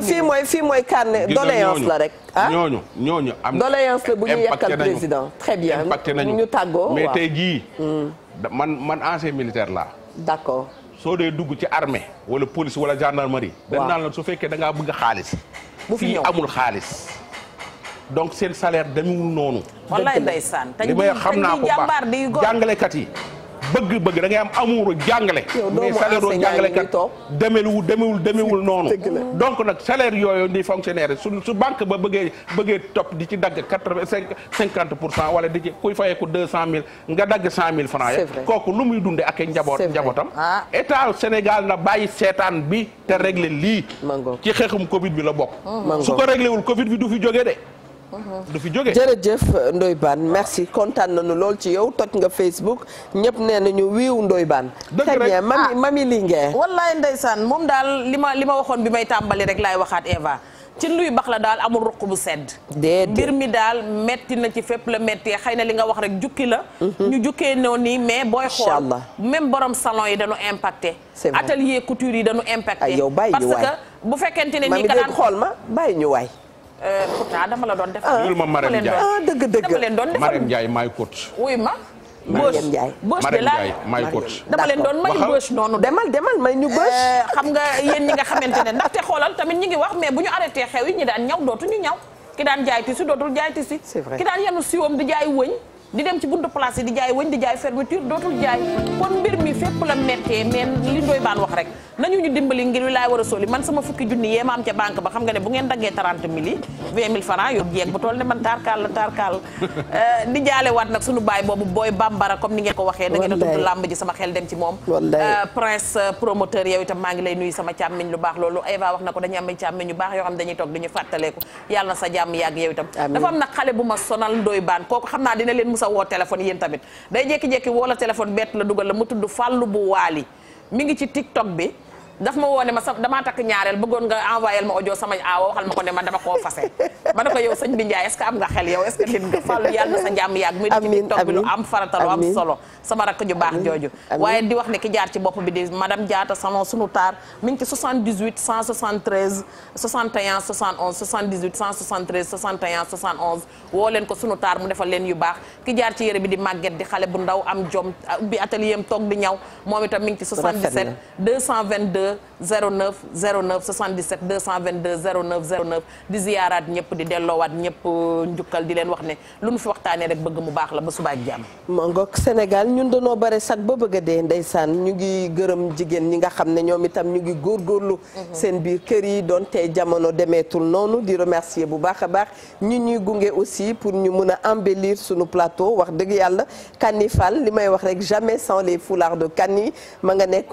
S1: la rek. ah
S3: ñooñu ñooñu am doléance la bu ñu yekkal président.
S1: très bien impacté ñu tàggoo waaw mais tey
S3: jii. Hmm. man man ancien militaire laa. d'accord. soo dee dugg ci armée wala police wala gendarmerie. waaw dañ naan su fekkee dangaa ngaa bëgg xaalis. bu fi amul xaalis donc seen salaire demewul noonu. wallaay ndeysaan li may xam naa ko baax kat yi. bëgg-bëgg da ngay am amuuru jàngale. mais salaire oo jàngalekat demewul demewul demewul noonu. donc nag salaire yooyu di fonctionnaire su su banque ba bëggee bëggee topp di ci dagg quatre vingt cinq cinquante pour cent wala di ci kuy fayee deux cent mille nga dagg cent mille franc ya kooku lu muy dundee ak njaboot njabootam. Ah. état Sénégal na bàyyi seetaan bi te régler lii. ci xeexum Covid bi la bokk. su ko réglé Covid bi du fi jógee de. du fi jóge
S1: jërëjëf Ndoye Bane merci kontaan nañu lool ci yow toj nga Facebook ñëpp nee ñu wiiw Ndoye Bane. dëgg rek très mami ah. mami
S2: wallaay ndeysaan moom daal li ma li ma waxoon bi may tàmbali rek laay waxaat Eva. ci luy bax la daal amul ruq bu sedd mbir mi daal metti na ci fépp la mettee xëy na li nga wax rek jukki la mhm. ñu jukkee noonu nii mais booy xool même borom salon yi dañu impacté atelier couture yi dañu impacté parce que bu fekkente ne nii ka xool
S1: ma bàyyi ñu waay
S2: Euh, pourtant dama la doon def. Ah. loolu ma Marème Ndiaye ah dëgg dëgg dama leen doon defal Marème
S3: Ndiaye maay coach.
S2: wuy ma. Marème Ndiaye bës de laaj maay coach. dama leen doon may bës noonu. demal demal may ñu bës. Euh, xam nga yéen ñi nga xamante ne ndaxte xoolal tamit ñu ngi wax mais bu ñu arrêté xew yi ñi daan ñaw dootuñu ñaw ki daan jaay tisi dootul jaay tisi. ki daan yenu siwam di jaay wëñ di dem ci buntu place yi di jaay wëñ di jaay fermeture dootul jaay kon mbir mi fépp la méttee mais li ndoy baan rek nañu ñu dimbali ngir wi laay war a sóoli man sama fukki junni yee ma am ca banque ba xam nga ne bu ngeen daggee 30 mille yi 20 mille francs yob jeeg bu toll ne man tarkaal la tarkaal euh, di jaale waat nag suñu baay boobu booy bambara comme ni ngeen ko waxee da ngeen a làmb ji sama xel dem ci moom euh, prince euh, promoteur yow itam maa ngi sa woo téléphone yéen tamit day jékki-jékki woo la téléphone bett la dugal la mu tudd fàllu bu waali mi ngi ci tiktok bi daf ma woone ma sa damaa takk ñaareel bëggoon nga envoyé ma audio sama aawa waxal ma ko ne ma dama koo fase ma ne ko yow bi Ndiaye est-ce que am nga xel yow est-ce que tin nga fàllu yàlla na sa njàmm yàgg muy ci TikTok bi lu am farata lu am solo taar mi ngi ci 78 173 61 71 78 173 61 woo leen ko sunu taar mu defal leen yu baax ki jaar ci yére bi di màgget di xale bu ndaw am jom ubbi atelier am toog di ñaw moom itam mi ngi ci la 09 09 77 222 09 09 di ziyaaraat ñëpp di delloowaat ñëpp uh, njukkal di leen wax ne lu nu fi waxtaanee rek bëgg mu baax la ba suba ak jàmm.
S1: Mangok Sénégal ñun dañoo bare sag ba bëgg a dee ndeysaan ñu ngi gërëm jigéen ñi nga xam ne ñoom itam ñu ngi góor góorlu mhm. seen biir kër yi doon tey jamono demeetul noonu di remercier bu baax a baax ñi ñuy gunge aussi pour ñu mun a embellir sunu plateau wax dëgg yàlla Kani fal li may wax rek jamais sans les foulards de Kani ma nga nekk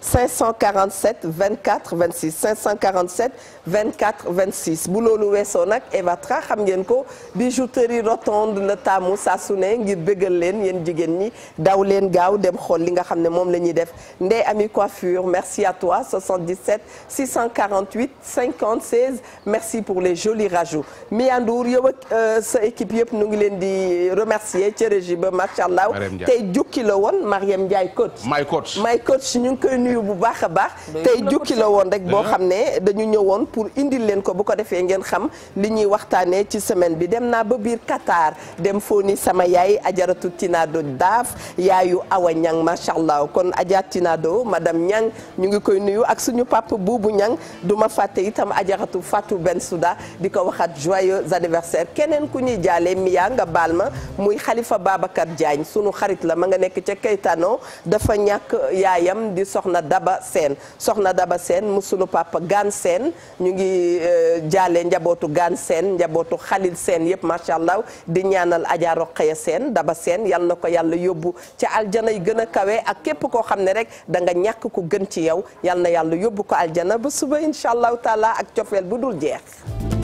S1: 547 24 26 547 24 26 bu loolu weesoo nag Eva Tra xam ngeen ko bijouterie rotonde la taamu saa su ne ngir bëggal leen yéen jigéen ñi daw leen gaaw dem xool li nga xam ne moom la ñuy def Ndeye Ami Coiffure merci à toi 77 648 56 merci pour les jolis rajouts Mia Ndour yow ak euh, sa équipe yëpp ñu ngi leen di remercier ci régie ba macha allah tey jukki la woon Mariam Ndiaye coach. my coach my coach nuyu bu baax a baax tey jukki la woon rek boo xam ne dañu ñëwoon pour indil leen ko bu ko defee ngeen xam li ñuy waxtaanee ci semaine bi dem naa ba biir Qatar dem foo ni sama yaay ajaratu Tinado Daaf yaayu Awa Ñang macha allah kon Adja Tinado madame Ñang ñu ngi koy nuyu ak suñu papa Buubu Ñang du ma fàtte itam ajaratu Fatou Bensouda di ko waxaat joyeux anniversaire keneen ku ñuy jaale Mia nga baal ma muy xalifa Babacar Diagne sunu xarit la ma nga nekk ca Kaytano dafa ñàkk yaayam di soxna soxna Daba Seen soxna Daba Seen mu sunu papa Gan Seen ñu ngi euh, jaale njabootu Gan Seen njabootu Xalil Seen yëpp macha allah di ñaanal Adja Roqaya Seen Daba Seen yal na ko yàlla yóbbu ca aljana yi gën a kawe ak képp koo xam ne rek da nga ñàkk ku gën ci yow yal na yàlla yóbbu ko aljana ba suba incha allahu taala ak cofeel bu dul jeex.